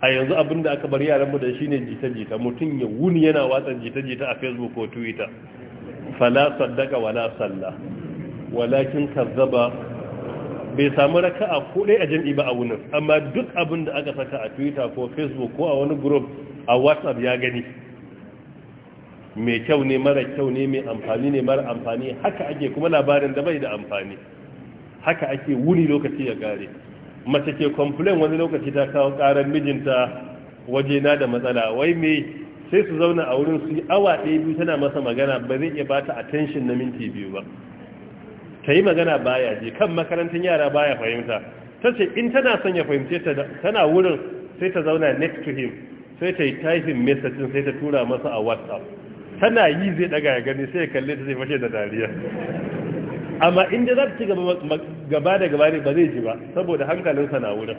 a yanzu abin da aka bar yaranmu da shi ne jita-jita mutum ya wuni yana watsa jita-jita a facebook ko twitter fala saddaka wala salla walakin kazzaba bai samu raka a kudai a jam'i ba a wunin amma duk abin da aka saka a twitter ko facebook ko a wani group a whatsapp ya gani mai kyau ne mara kyau ne mai amfani ne mara amfani haka ake kuma labarin da bai da amfani haka ake wuni lokaci ya gare mace ke complain wani lokaci ta kawo karar mijinta waje na da matsala wai me sai su zauna a wurin su awa ɗaya biyu tana masa magana ba zai iya bata attention na minti biyu ba ta yi magana baya je kan makarantar yara baya fahimta ta ce in tana son ya fahimce ta tana wurin sai ta zauna next to him sai ta yi typing message sai ta tura masa a whatsapp tana yi zai daga ya gani sai ya kalle ta zai fashe da dariya amma inda za ta ci gaba da gaba ne ba zai ji ba saboda hankalinsa na wurin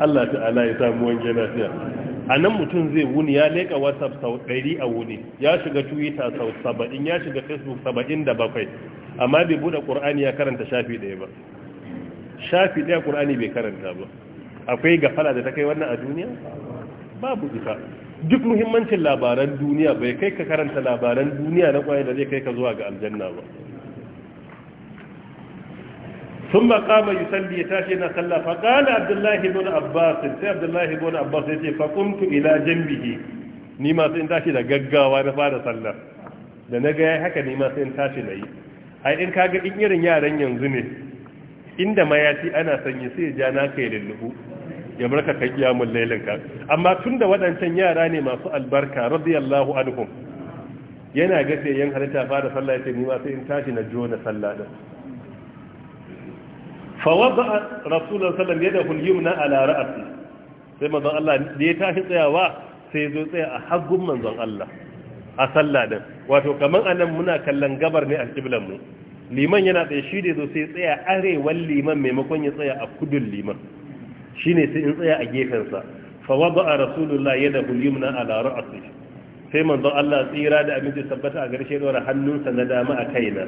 Allah ta'ala ya samu wange lafiya a nan mutum zai wuni ya leka whatsapp sau ɗari a wuni ya shiga twitter sau saba'in ya shiga facebook saba'in da bakwai amma bai buɗe ƙur'ani ya karanta shafi ɗaya ba shafi ɗaya ƙur'ani bai karanta ba akwai gafala da ta kai wannan a duniya babu ita duk muhimmancin labaran duniya bai kai ka karanta labaran duniya na kwaye da zai kai ka zuwa ga aljanna ba Sun ثم ya tashi na صلى فقال Abdullahi الله Abbas sai Abdullahi عبد Abbas ya ce يتي ila jan bihi? ni ma sai in tashi da gaggawa na fara sallar da na ga yayi haka ni ma sai in tashi yi. ai in kaga in irin yaran yanzu ne inda mayafi ana sanya sai ya ja na kai lullubu ya barka kai kiyamun lailin ka amma tunda waɗancan yara ne masu albarka radiyallahu anhum yana ga sai yan halitta fara sallah yace ni ma sai in tashi na jona sallah da fa wada rasulullahi sallallahu alaihi wasallam yadahu yumna ala ra'si sai manzon Allah da ya tashi tsayawa sai ya zo tsaya a hagun manzon Allah a sallah da wato kaman anan muna kallon gabar ne alƙiblan mu liman yana tsaye shi da zo sai tsaya arewan liman maimakon ya tsaya a kudun liman shine sai in tsaya a gefensa fa wada'a rasulullah yadahu yumna ala ra'si sai manzon Allah tsira da aminci tabbata a garshe dora hannunsa na dama a kaina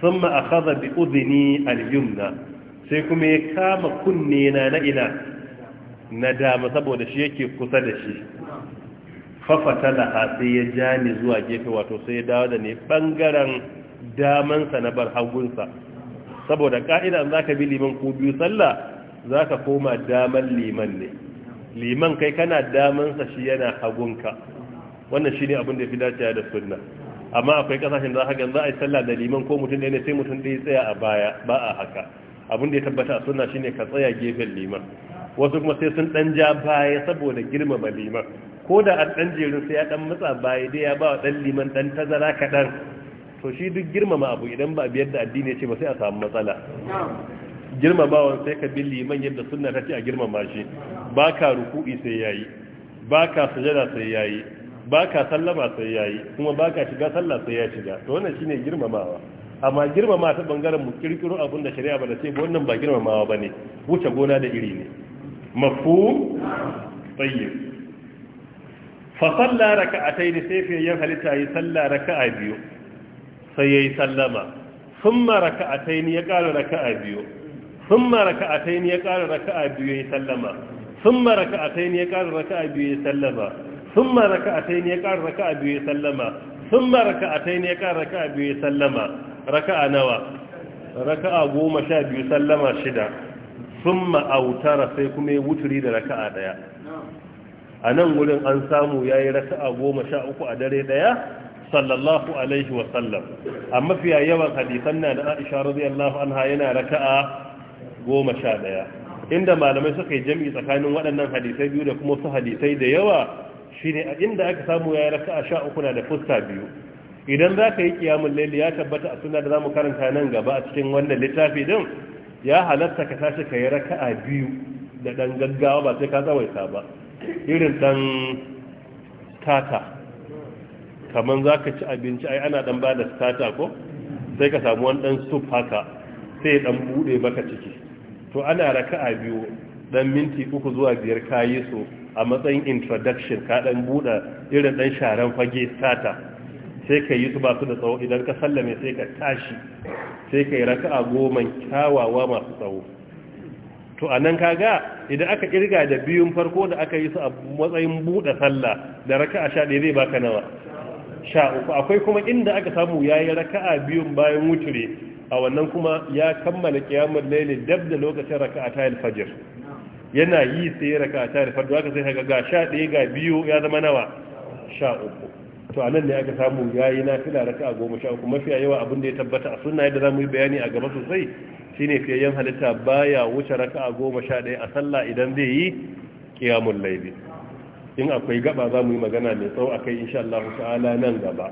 thumma akhadha bi udhni al-yumna sai kuma ya kama kunne na na ina na dama saboda shi yake kusa da shi fafata laha sai ya ja ni zuwa gefe wato sai ya dawo da ne bangaren damansa na bar hagunsa saboda ka'idan za ka bi liman ku biyu sallah za ka koma daman liman ne liman kai kana damansa shi yana hagunka wannan shi ne abin da fi dacewa da sunna amma akwai kasashen za ka gan za a yi salla da liman ko mutum ɗaya ne sai mutum ɗaya tsaya a baya ba a haka abin da ya tabbata a sunna shine ka tsaya gefen liman wasu kuma sai sun ɗan ja baya saboda girmama liman ko da a ɗan jerin sai ya ɗan matsa baya dai ya ba wa ɗan liman ɗan tazara kaɗan to shi duk girmama abu idan ba biyar da addini ya ce ba sai a samu matsala girmamawan sai ka bi liman yadda suna ta ce a girmama shi ba ka ruku'i sai ya yi, ba ka sujada sai ya yi, ba ka sallama sai ya yi, kuma ba ka shiga sallah sai ya shiga to wannan shine girmamawa amma girmama ta bangaren mu kirkiro abin da shari'a ba da ce wannan ba girmamawa bane wuce gona da iri ne mafhum tayyib fa salla raka'atayn sai fa yan halitta yi salla raka'a biyu sai yayi sallama thumma raka'atayn ya ƙara raka'a biyu ثم ركعتين يقال ركعة بيو يسلم ثم ركعتين يقال ركعة بيو يسلم ثم ركعتين يقال ركعة بيو يسلم ثم ركعتين يقال ركعة بيو يسلم ركعة نوى ركعة قوم شاء بيو يسلم شدا ثم أوتر سيكم وتري ركعة ديا a nan wurin an samu ya yi raka'a goma sha uku a dare daya sallallahu alaihi wasallam a mafiya yawan hadisan na da aisha radiyallahu anha yana raka'a goma sha ɗaya inda malamai suka yi jam'i tsakanin waɗannan hadisai biyu da kuma su hadisai da yawa shine a inda aka samu ya raka a sha uku na da fusta biyu idan za ka yi kiyamun laili ya tabbata a suna da za mu karanta nan gaba a cikin wannan littafi din ya halatta ka tashi ka yi raka a biyu da ɗan gaggawa ba sai ka tsawaita ba irin ɗan tata kamar za ka ci abinci ai ana ɗan ba da tata ko sai ka samu wani ɗan sup haka sai ɗan buɗe maka ciki to ana raka'a biyu dan minti uku zuwa biyar kayi su a matsayin introduction ka dan buɗe irin dan sharan fage sata sai ka yi su ba su da tsawo idan ka sallame sai ka tashi sai ka yi raka'a goma kyawawa masu tsawo to a nan kaga idan aka kirga da biyun farko da aka yi su a matsayin buɗe sallah da raka'a sha ɗaya zai baka nawa sha uku akwai kuma inda aka samu ya yi raka'a biyun bayan wuture a wannan kuma ya kammala qiyamul laili dab da lokacin raka'ata al-fajr yana yi sai raka'ata al-fajr haka sai kaga ga 11 ga biyu ya zama nawa 13 to a nan ne aka samu yayi nafila raka'a 13 mafiya yawa abin da ya tabbata a sunna yadda zamu yi bayani a gaba sosai shine fiyayyen halitta baya wuce raka'a 11 a sallah idan zai yi qiyamul laili in akwai gaba zamu yi magana mai tsawo akai insha Allah ta'ala nan gaba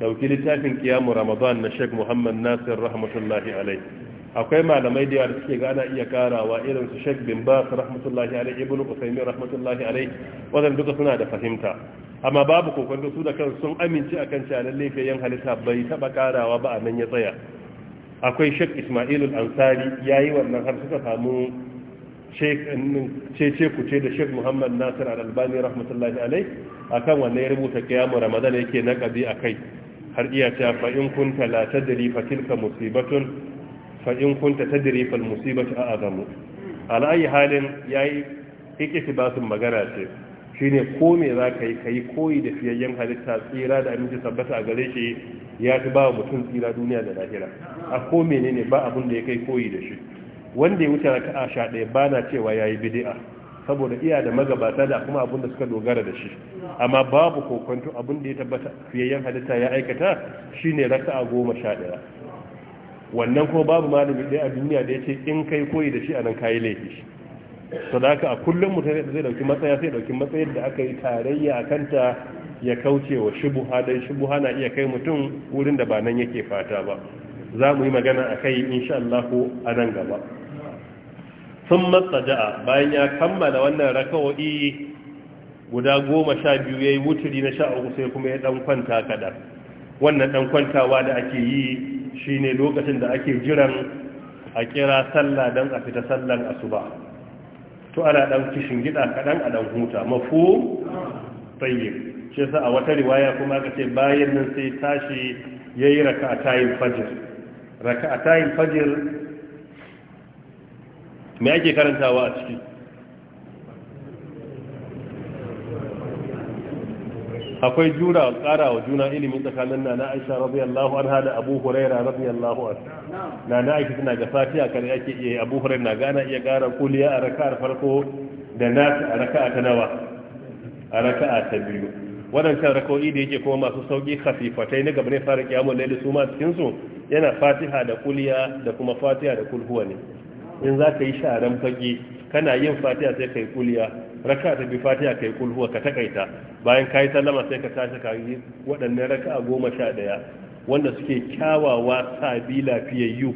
dauki littafin kiyamu ramadan na sheikh muhammad nasir rahmatullahi akwai malamai da yawa da suke ga ana iya karawa irin su sheikh bin bas rahmatullahi alai ibnu usaymin rahmatullahi alai wannan duka suna da fahimta amma babu kokon su da kansu sun amince akan cewa lalle yan halitta bai taba karawa ba a nan ya tsaya akwai sheikh ismail al-ansari yayi wannan har suka samu mm, ce kuce da sheikh muhammad nasir al-albani rahmatullahi alai akan wannan ya rubuta kiyamu ramadan yake na kabi akai har iya ta fa in kunta la tadri fa tilka musibatun fa in kunta tadri fal musibatu a'zamu ala ayi halin yayi ikitibasun magana ce shine ko me za ka yi ka koyi da fiyayyen halitta tsira da aminci tabbata a gare shi ya fi ba mutum tsira duniya da lahira a ko menene ba abin da ya kai koyi da shi wanda ya wuce raka'a sha ɗaya ba na cewa ya yi bidi'a saboda iya da magabata da kuma abun da suka dogara da shi amma babu kokonto abin da ya tabbata fiyayyen halitta ya aikata shine raka'a goma sha ɗaya wannan kuma babu malami ɗaya a duniya da ya ce in kai koyi da shi a nan kayi laifi to da haka a kullum mutum zai ɗauki matsaya sai ɗauki matsayin da aka yi tarayya a kanta ya kauce wa shubuha don shubuha na iya kai mutum wurin da ba nan yake fata ba za mu yi magana a kai insha Allah a nan gaba sun matsa ja'a, bayan ya kammala wannan raka'o'i guda goma sha biyu ya yi wuturi na sha uku sai kuma ya ɗan kwanta kaɗan wannan ɗan kwantawa da ake yi shi ne lokacin da ake jiran a kira sallah don a fita sallan asuba to ana ɗan kishin gida kaɗan a ɗan huta mafu tsaye shi sa a wata riwaya kuma aka ce bayan nan sai tashi ya yi raka a tayin fajir raka a tayin fajir me ake karantawa a ciki akwai jura ƙara wa juna ilimi tsakanin nana aisha radiyallahu anha da abu huraira radiyallahu anha nana aisha suna ga a kare ake iya abu huraira na gana iya gara kuliya a a farko da nasi a a ta nawa a a ta biyu waɗancan raka'o'i da yake kuma masu sauƙi khafifatai na gaba ne fara kiyamun laili su ma cikin su yana fatiha da kuliya da kuma fatiha da kulhuwa ne in za ka yi sharan fage kana yin fatiha sai ka yi kuliya raka ta bi fatiha ka yi kulhuwa ka takaita bayan ka yi sallama sai ka tashi ka yi waɗannan raka goma sha ɗaya wanda suke kyawawa sabi lafiyayyu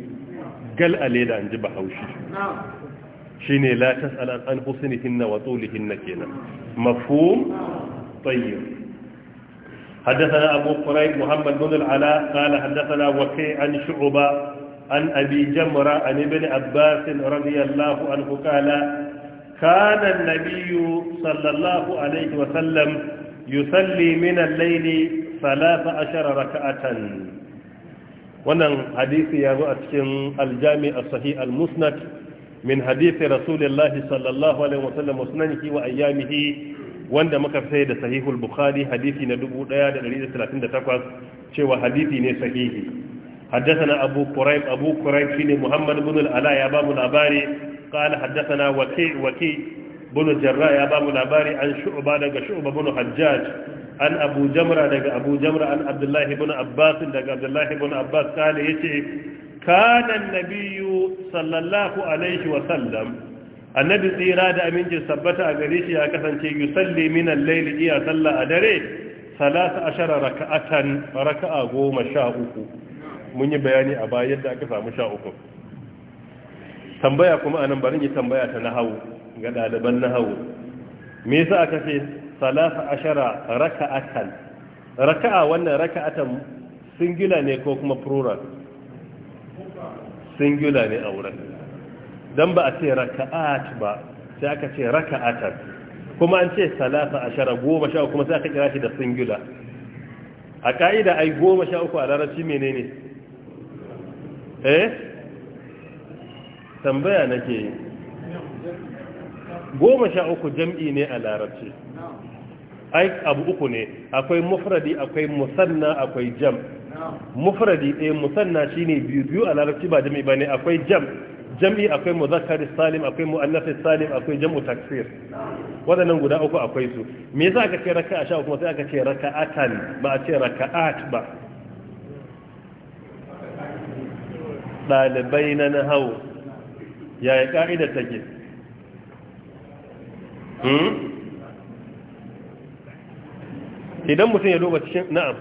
gal a leda an ji bahaushe ne la tas'al an hinna wa tulihinna kenan mafhum tayyib حدثنا أبو قريب محمد بن العلاء قال حدثنا وكي عن شعبة عن أبي جمرة عن ابن عباس رضي الله عنه قال كان النبي صلى الله عليه وسلم يصلي من الليل ثلاث عشر ركعة wannan hadisi ya zo a cikin aljami a sahi al-musnad min hadisi rasulillahi sallallahu alaihi wasallam musnanihi wa ayyamihi wanda muka sai da sahihul bukhari hadisi na 1138 cewa hadisi ne sahihi حدثنا أبو كريب أبو كريب شين محمد بن الألاء يا باب الأباري قال حدثنا وكيع وكيع بن الجراء يا باب الأباري عن شعبة لك شعبة بن حجاج عن أبو جمرة لك أبو جمرة عن عبد الله بن عباس لك عبد الله بن عباس قال يتي كان النبي صلى الله عليه وسلم النبي tsira da aminci sabbata a gare shi ya kasance yusalli min al-layl iya sallah a dare 13 raka'atan raka'a 13 mun yi bayani a baya yadda aka samu sha uku tambaya kuma anan barin yi tambaya ta nahawu ga ɗaliban nahawu me yasa aka ce salasa ashara raka'atan raka'a wannan raka'atan singular ne ko kuma plural singular ne a wurin dan ba a ce raka'at ba sai aka ce raka'atan kuma an ce salasa ashara goma sha kuma sai aka kira shi da singular a ka'ida ai goma sha uku a larabci menene eh tambaya nake yi goma sha uku jam'i ne a larabci ai abu uku ne akwai mufradi akwai musanna akwai jam mufradi eh musanna shine biyu biyu a larabci ba jam'i bane akwai jam jam'i akwai muzakkari salim akwai muannath salim akwai jam'u taksir waɗannan guda uku akwai su me yasa aka ce raka'a sha uku sai aka ce raka'atan ba a ce raka'at ba ɗalibai na nahau yaya ta ke? Hmm? idan mutum ya duba cikin na'am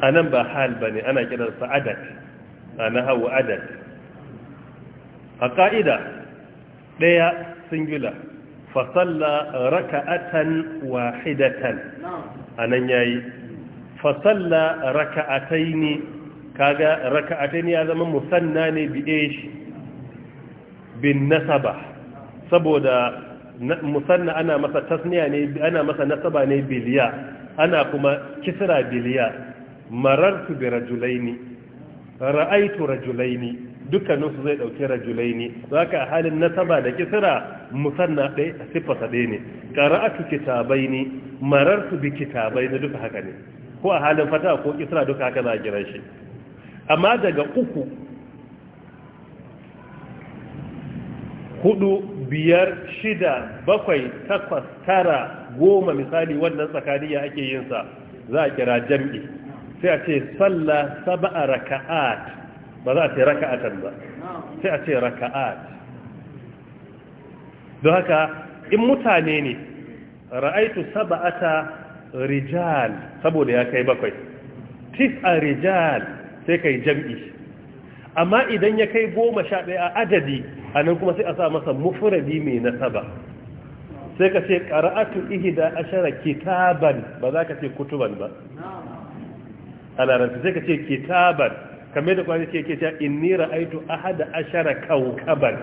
a nan ba hal ba ne ana kiransa Adad, a nahawu Adad. a ƙa'ida ɗaya singular fasalla raka'atan wahidatan a nan ya yi. fasalla raka'atai ne kaga raka'atai ne ya zama musanna ne bi'esh bin nasaba saboda musanna ana masa tasniya ne ana masa nasaba ne biliya ana kuma kisra biliya marartu bi rajulaini ra'aitu rajulaini dukkanin su zai dauki rajulaini zaka a halin nasaba da kisra musanna ɗaya sifa ɗaya ne qara'atu kitabaini marartu bi kitabaini duk haka ne ko a halin fata ko isra duka haka za a kira shi amma daga uku hudu biyar shida bakwai takwas tara goma misali wannan tsakaniya ake yinsa za a kira jam'i sai a ce salla saba'a raka'at ba za a ce raka'atan ba sai a ce raka'at don haka in mutane ne ra'aitu saba'ata rijal saboda ya kai bakwai a rijal sai kai jam'i amma idan ya kai goma sha ɗaya a adadi a nan kuma sai a sa masa mufuradi mai nasaba sai ka ce ƙara'atu ihida ashara kitaban ba za ka ce kutuban ba a larabci sai ka ce kitaban kame da kwanci ke ke cewa inni ra'aitu ahada ashara kaukaban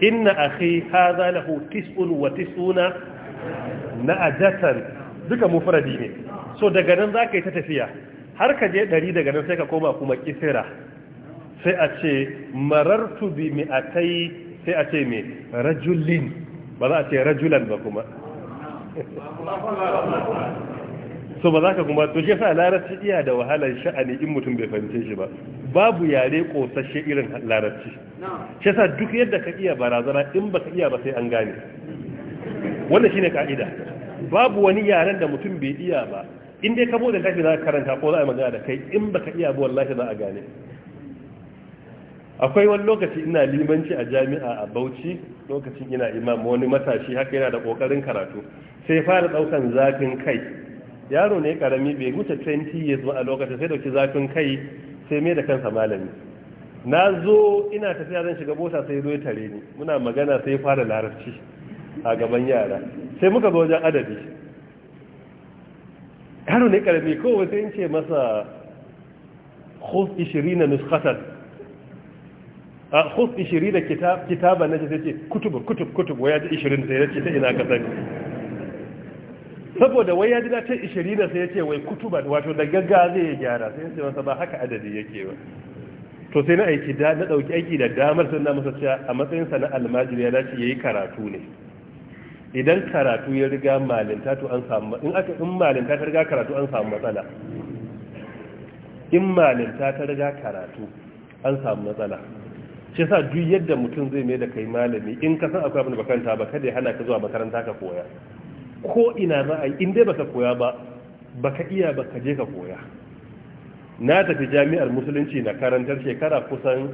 inna akhi hadha lahu tis'un wa tis'una Na na'ajatan duka mufradi ne so daga nan za ka yi ta tafiya har ka je ɗari daga nan sai ka koma kuma kisira sai a ce marartu bi yi sai a ce mai rajulin ba za a ce rajulan ba kuma so ba za ka kuma to shi sa larabci iya da wahalar sha'ani in mutum bai fahimce shi ba babu yare kosashe irin larabci shi sa duk yadda ka iya barazana in ba ka iya ba sai an gane wannan shine ka'ida babu wani yaren da mutum bai iya ba in dai ka bude kashi za ka karanta ko za a magana da kai in baka iya ba wallahi za a gane akwai wani lokaci ina limanci a jami'a a Bauchi lokacin ina imam wani matashi haka yana da kokarin karatu sai fara daukan zafin kai yaro ne karami bai wuce 20 years ba a lokacin sai dauki zafin kai sai mai da kansa malami na zo ina tafiya zan shiga bota sai zo ya tare ni muna magana sai fara larabci a gaban yara sai muka zo wajen adadi yaro ne karami kowai sai in ce masa khuf 20 nuskatan a khuf 20 kitab kitaba naji sai ce kutubu kutub kutub waya ji 20 sai ce ta ina ka sani saboda waya ya ji ta 20 sai ya ce wai kutuba wato da gagga zai gyara sai ce masa ba haka adadi yake ba to sai na aiki da na dauki aiki da damar sun na masa cewa a matsayin sa na almajiri ya dace ya yi karatu ne idan karatu ya riga malinta to an samu in aka in malinta ta riga karatu an samu matsala in malinta ta riga karatu an samu matsala shi yasa duk yadda mutum zai mai da kai malami in ka san akwai abin da bakanta ba kada ya hana ka zuwa makaranta ka koya ko ina za a yi in dai baka koya ba baka iya ba je ka koya na tafi jami'ar musulunci na karantar shekara kusan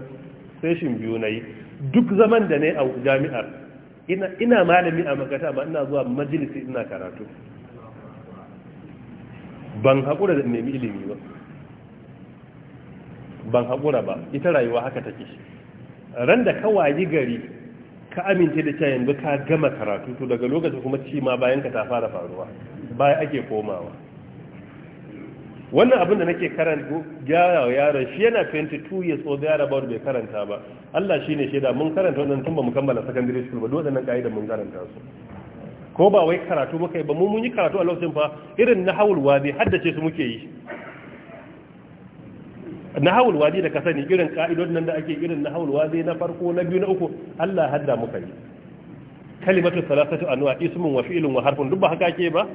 session biyu na yi duk zaman da ne a jami'ar ina malami a makata ba ina zuwa majalisi ina karatu ban haƙura da nemi ilimi ba ban haƙura ba ita rayuwa haka take ran da ka wayi gari ka amince da cewa yanzu ka gama karatu to daga lokacin kuma cima bayan ka ta fara faruwa baya ake komawa wannan abin da nake karanta gyara wa yaron shi yana 22 years old yara ba bai karanta ba Allah shine shaida mun karanta wannan tun ba mu kammala secondary school ba duk waɗannan ka'ida mun karanta su ko ba wai karatu muka yi ba mu mun yi karatu a lokacin fa irin na hawul wadi haddace su muke yi na wadi da ka sani irin ka'idodin nan da ake irin na wadi na farko na biyu na uku Allah hadda muka yi kalimatu salasatu anwa ismun wa fi'lun wa harfun duk ba haka ake ba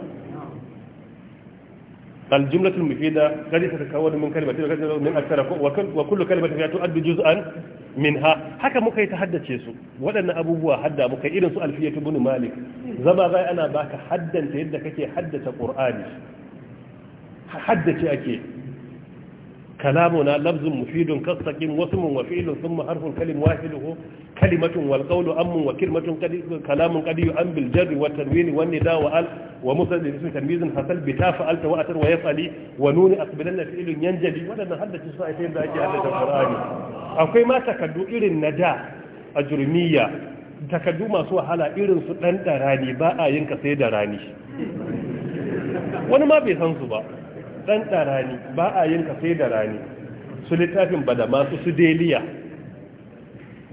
الجملة المفيدة قد تتكون من كلمة وقد تتكون من أكثر وكل كلمة فيها تؤدي جزءا منها haka muka yi ta haddace su waɗannan abubuwa hadda muka irin su alfiyatu bin malik zama bai ana baka haddanta yadda kake haddace qur'ani haddace ake كلامنا لفظ مفيد كالسك وسم وفعل ثم حرف كلم واحده كلمة والقول أم وكلمة كلام قد يؤم بالجر والتنوين والنداء وال ومسند اسم تلميذ حصل بتا فعلت واتر ويفعلي ونون اقبلن فعل ينجلي ولن حدث ساعتين da ake haddace Qur'ani akwai ma takaddu irin nada ajrumiya takaddu masu wahala irin su dan darani ba a yin sai da rani wani ma bai san su ba dan darani ba a yin sai da rani su littafin bada masu su deliya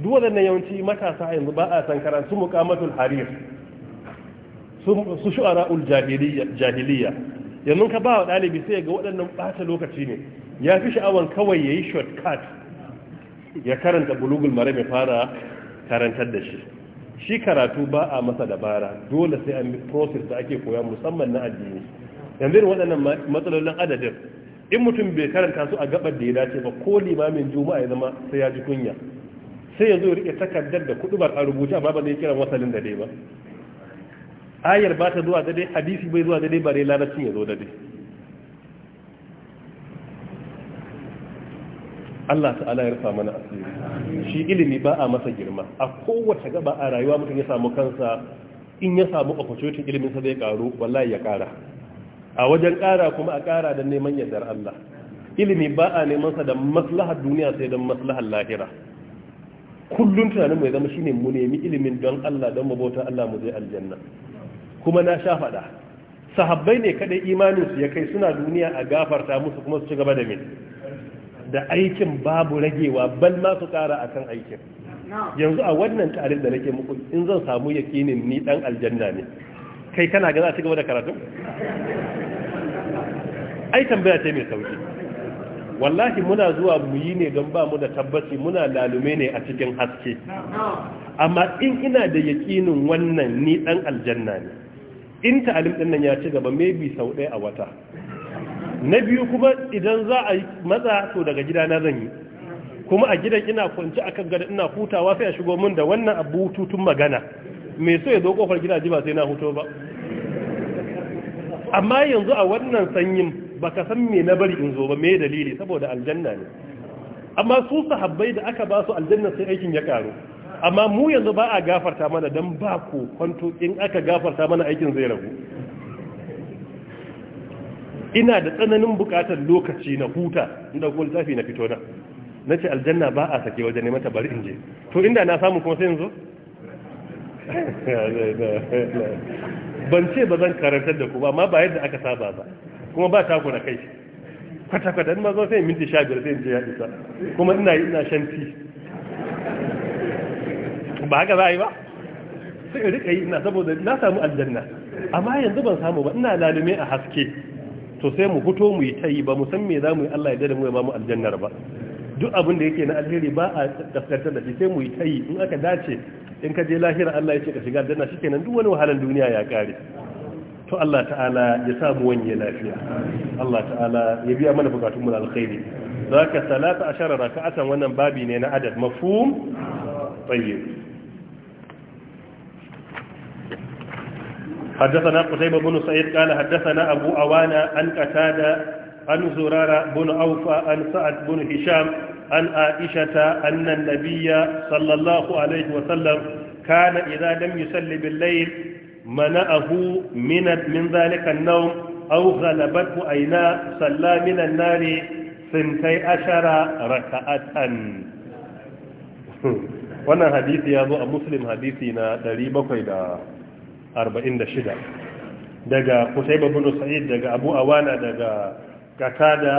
duk waɗannan yawanci matasa yanzu ba a san karatu muqamatul harir su shu'ara'ul jahiliya yanzu ka ba wa ɗalibi sai ga waɗannan ɓata lokaci ne ya fi sha'awan kawai ya yi shortcut ya karanta bulugul mara mai fara karantar da shi shi karatu ba a masa dabara dole sai an bi process da ake koya musamman na addini yanzu irin waɗannan matsalolin adadin in mutum bai karanta su a gabar da ya dace ba ko limamin juma'a ya zama sai ya ji kunya sai yanzu ya rike takardar da kuɗubar a rubuta ba ba zai kiran wasalin da dai ba ayar ba ta zuwa daidai hadisi bai zuwa daidai bare larabcin ya zo daidai Allah ta'ala ya rufa mana asiri shi ilimi ba a masa girma a kowace gaba a rayuwa mutum ya samu kansa in ya samu opportunity ilimin sa zai karu wallahi ya kara a wajen kara kuma a kara da neman yardar Allah ilimi ba a neman sa da maslahar duniya sai don maslahar lahira kullum tunanin mai zama shine mu nemi ilimin don Allah don mabota Allah mu je aljanna kuma na sha faɗa sahabbai ne kaɗai imaninsu ya kai suna duniya a gafarta musu kuma su ci gaba da min da aikin babu ragewa ban ma su ƙara a kan aikin yanzu a wannan tarin da nake muku in zan samu yakinin ni dan aljanna ne kai kana ga za ci gaba da karatu ai tambaya ce mai sauki wallahi muna zuwa mu yi ne don ba mu da tabbaci muna lalume ne a cikin haske amma in ina da yakinin wannan ni dan aljanna ne in ta'alim din nan ya ci gaba maybe sau ɗaya a wata na biyu kuma idan za a yi maza to daga gida na zan yi kuma a gidan ina kwanci akan gada ina hutawa sai a shigo min da wannan abu tutun magana me so ya zo kofar gidaje ba sai na huto ba amma yanzu a wannan sanyin baka san me na bari in zo ba me dalili saboda aljanna ne amma su sahabbai da aka ba su aljanna sai aikin ya karu amma mu yanzu ba a gafarta mana don ba ku kwanto in aka gafarta mana aikin zai ragu ina da tsananin bukatar lokaci na huta inda kuma littafi na fito na na ce aljanna ba a sake wajen neman ta bari in je to inda na samu kuma sai yanzu ban ce ba zan karantar da ku ba amma ba yadda aka saba ba kuma ba ta kuna kai kwata-kwata in ma zo sai minti sha biyar sai in je ya isa kuma ina yi ina shan tea ba haka za a yi ba in rika yi ina saboda na samu aljanna amma yanzu ban samu ba ina lalume a haske to sai mu fito mu yi tayi ba mu san me za mu yi Allah ya dade mu ya ba mu aljannar ba duk abin da yake na alheri ba a kaskantar da shi sai mu yi tayi in aka dace in ka je lahira Allah ya ce ka shiga aljanna shikenan duk wani wahalan duniya ya kare to Allah ta'ala ya sa mu wani lafiya Allah ta'ala ya biya mana bukatun mu alkhairi zaka salata ashara raka'atan wannan babi ne na adad mafhum tayyib حدثنا قتيبة بن سعيد قال حدثنا أبو أوانا عن قتادة عن زرارة بن أوفى عن سعد بن هشام عن عائشة أن النبي صلى الله عليه وسلم كان إذا لم يصلي بالليل منعه من من ذلك النوم أو غلبته عيناه صلى من النار سنتي عشر ركعة wannan hadisi ya zo a muslim hadisi na 700 46 daga Qutayba bin Sa'id daga Abu Awana daga Qatada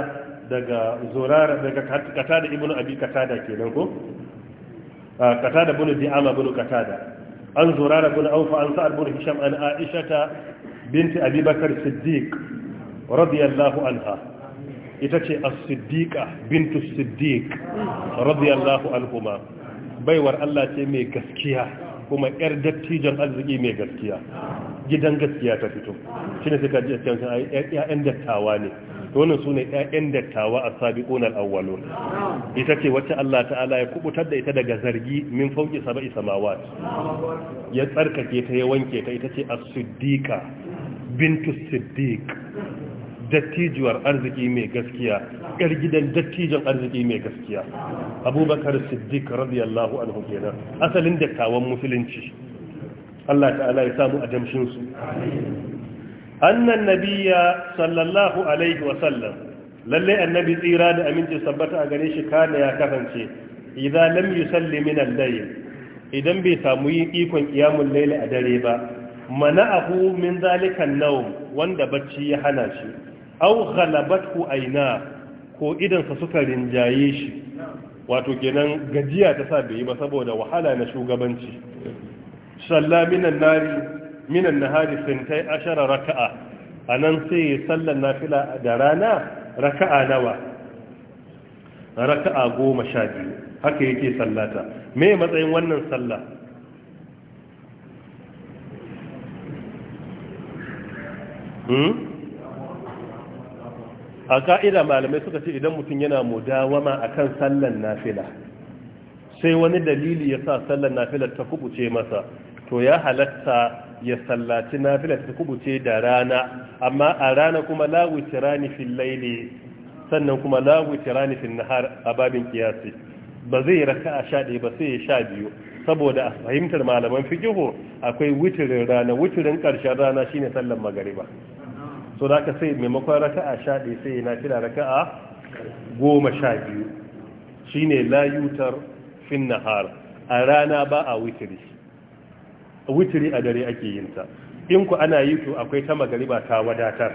daga Zurara daga Qatada ibn Abi Qatada kenan ko Qatada bin Di'ama bin Qatada an Zurara bin Auf an Sa'ad bin Hisham an Aisha binti Abi Bakar Siddiq radiyallahu anha ita ce as-siddiqa bintu siddiq radiyallahu anhuma baiwar Allah ce mai gaskiya kuma yar dattijon arziki mai gaskiya gidan gaskiya ta fito shi ne suka ji cikin ƴaƴan dattawa ne to wannan sune ƴaƴan dattawa a sabiqun al-awwalun ita ce wacce Allah ta'ala ya kubutar da ita daga zargi min fawqi sab'i samawat ya tsarkake ta ya wanke ta ita ce as-siddiqa bintu siddiq dattijuwar arziki mai gaskiya yar gidan dattijan arziki mai gaskiya abubakar siddiq radiyallahu anhu kenan asalin dattawan musulunci Allah ta'ala ya samu a jamshin su annan nabiyya sallallahu alaihi wa sallam lalle annabi tsira da aminci sabbata a gare shi kana ya kasance idan lam yusalli min al-layl idan bai samu yin ikon qiyamul layl a dare ba mana'ahu min zalikan nawm wanda bacci ya hana shi au a aina ko sa suka rinjaye shi wato kenan gajiya ta sa bai yi ba saboda wahala na shugabanci salla minan nari minan nahari sintai ashara raka'a anan sai sallan nafila da rana raka'a nawa raka'a goma sha biyu haka yake sallata me matsayin wannan sallah hmm? a ka'ida malamai suka ce idan mutum yana a kan sallan nafila sai wani dalili ya sa sallan nafila ta kubuce masa to ya halatta ya sallaci nafila ta kubuce da rana amma a rana kuma la rani fil laili sannan kuma la rani fil nahar a babin kiyasi ba zai raka sha 11 ba sai ya sha biyu. saboda a fahimtar malaman fikihu akwai witirin rana witirin ƙarshen rana shine sallan magariba so da aka sai maimakon raka'a sha ɗaya sai na fi raka'a goma sha biyu Shi ne layutar fin nahar a rana ba a witiri witiri a dare ake yin ta in ku ana yi to akwai ta magariba ta wadatar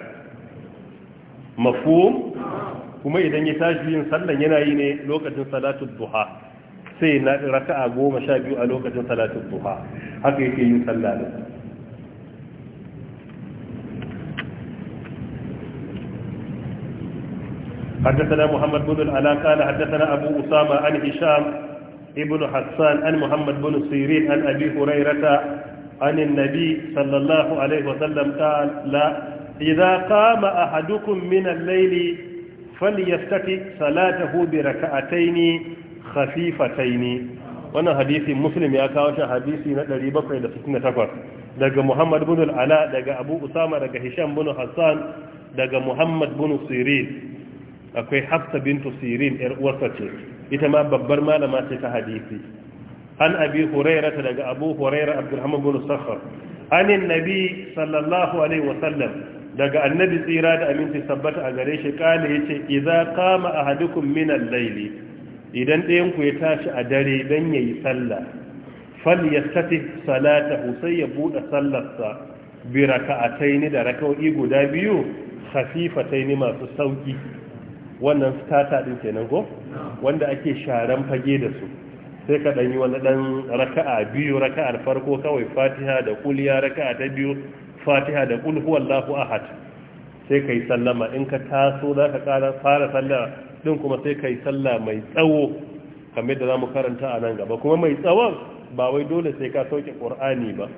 mafum kuma idan ya tashi yin sallan yana yi ne lokacin salatu duha sai na raka'a goma sha biyu a lokacin salatu duha haka yake yin sallah حدثنا محمد بن العلا قال حدثنا أبو أسامة عن هشام ابن حسان عن محمد بن سيرين عن أبي هريرة عن النبي صلى الله عليه وسلم قال لا إذا قام أحدكم من الليل فليفتك صلاته بركعتين خفيفتين wannan hadisi muslim ya kawo shi hadisi na 768 daga muhammad bin al'ala daga abu usama daga hisham bin hassan daga muhammad bin sirin akwai hafsa bintu sirin yar uwarsa ce ita ma babbar malama ce ta hadisi an abi huraira ta daga abu huraira abdulhamid bin sakhar an sallallahu alaihi sallam. daga annabi tsira da aminci sabbata a gare shi kale yace idza qama ahadukum min al-layli idan ɗayan ku ya tashi a dare dan yayi sallah Fal falyastati salatahu sai ya buɗe sallarsa bi raka'ataini da raka'o'i guda biyu khafifataini masu sauki wannan skata din kenan ko wanda ake sharan fage da su sai ka ɗanyi wani ɗan raka'a biyu raka'ar farko kawai fatiha da ya raka'a ta biyu fatiha da kul huwallahu ahad sai kai sallama in ka taso za ka fara sallah din kuma sai kai sallah mai tsawo kamar da za karanta a nan gaba kuma mai tsawon ba wai dole sai ka sauke ƙur'ani ba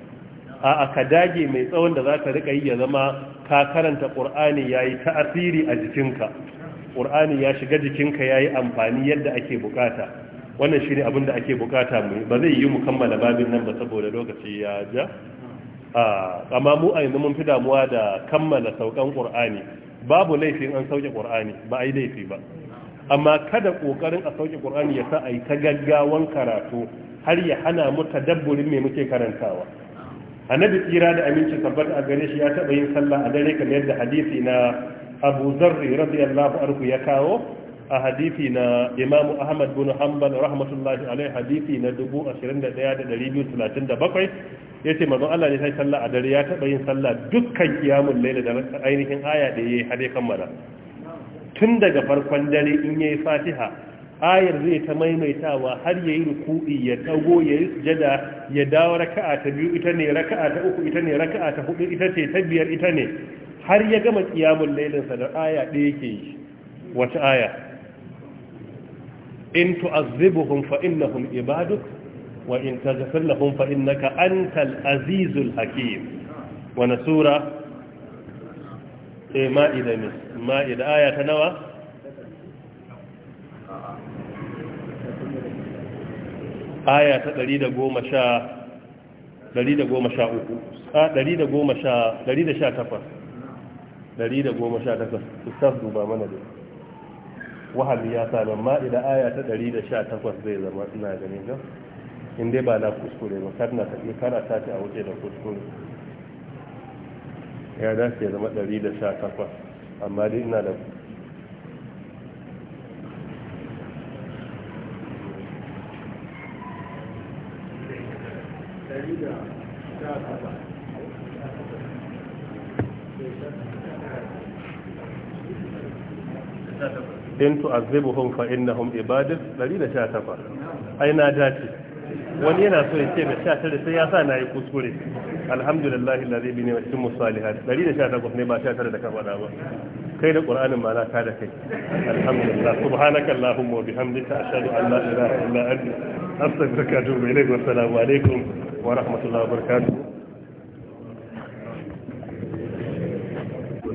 a ka dage mai tsawon da za ka riƙa yi ya zama ka karanta ƙur'ani yayi yi asiri a jikinka ƙur'ani ya shiga jikinka ya yi amfani yadda ake bukata wannan shi ne abin da ake bukata mu ba zai yi mu kammala babin nan ba saboda lokaci ya ja amma mu a yanzu mun fi damuwa da kammala saukan ƙur'ani babu laifin an sauke ƙur'ani ba a yi laifi ba amma kada ƙoƙarin a sauke ƙur'ani ya sa a yi ta gaggawan karatu har ya hana mu tadabburin mai muke karantawa annabi tsira da aminci tabbata a gare shi ya taba yin sallah a dare kamar yadda hadisi na abu zarri radiyallahu anhu ya kawo a hadisi na imamu ahmad bin hanbal rahmatullahi alaihi hadisi na 21237 yace manzo Allah ne sai sallah a dare ya taba yin sallah dukkan kiyamul layl da ainihin aya da yayi hade mana. tun daga farkon dare in yayi fatiha ayar zai ta maimaitawa har yayi ruku'i ya tago yayi sujada ya dawo raka'a ta biyu ita ne raka'a ta uku ita ne raka'a ta hudu ita ce ta biyar ita ne har ya gama kiyamun lailinsa da aya ɗaya ke yi wata aya in tu'azzibuhum fa innahum ibaduk wa in taghfir lahum fa innaka antal azizul hakim wa sura eh ma'ida ne ma'ida aya ta nawa aya ta 110 113 118 118 ustaz duba mana dai wahal ya sa ma idan aya ta 118 zai zama ina ganin ga in dai ba na kuskure ba kar na tafi kana ta a wuce da kuskure ya da ke zama 118 amma dai ina da Thank you. in tu'azzibuhum fa innahum ibadak 118 ai na dace wani yana so ya ce da 19 sai ya sa na yi kuskure alhamdulillah allazi bi ni'matin musalihat 118 ne ba 19 da ka faɗa ba kai da qur'anin ma na ka da kai alhamdulillah subhanaka allahumma wa bihamdika ashhadu an la ilaha illa anta astaghfiruka wa atubu ilayk wa assalamu alaikum wa rahmatullahi wa barakatuh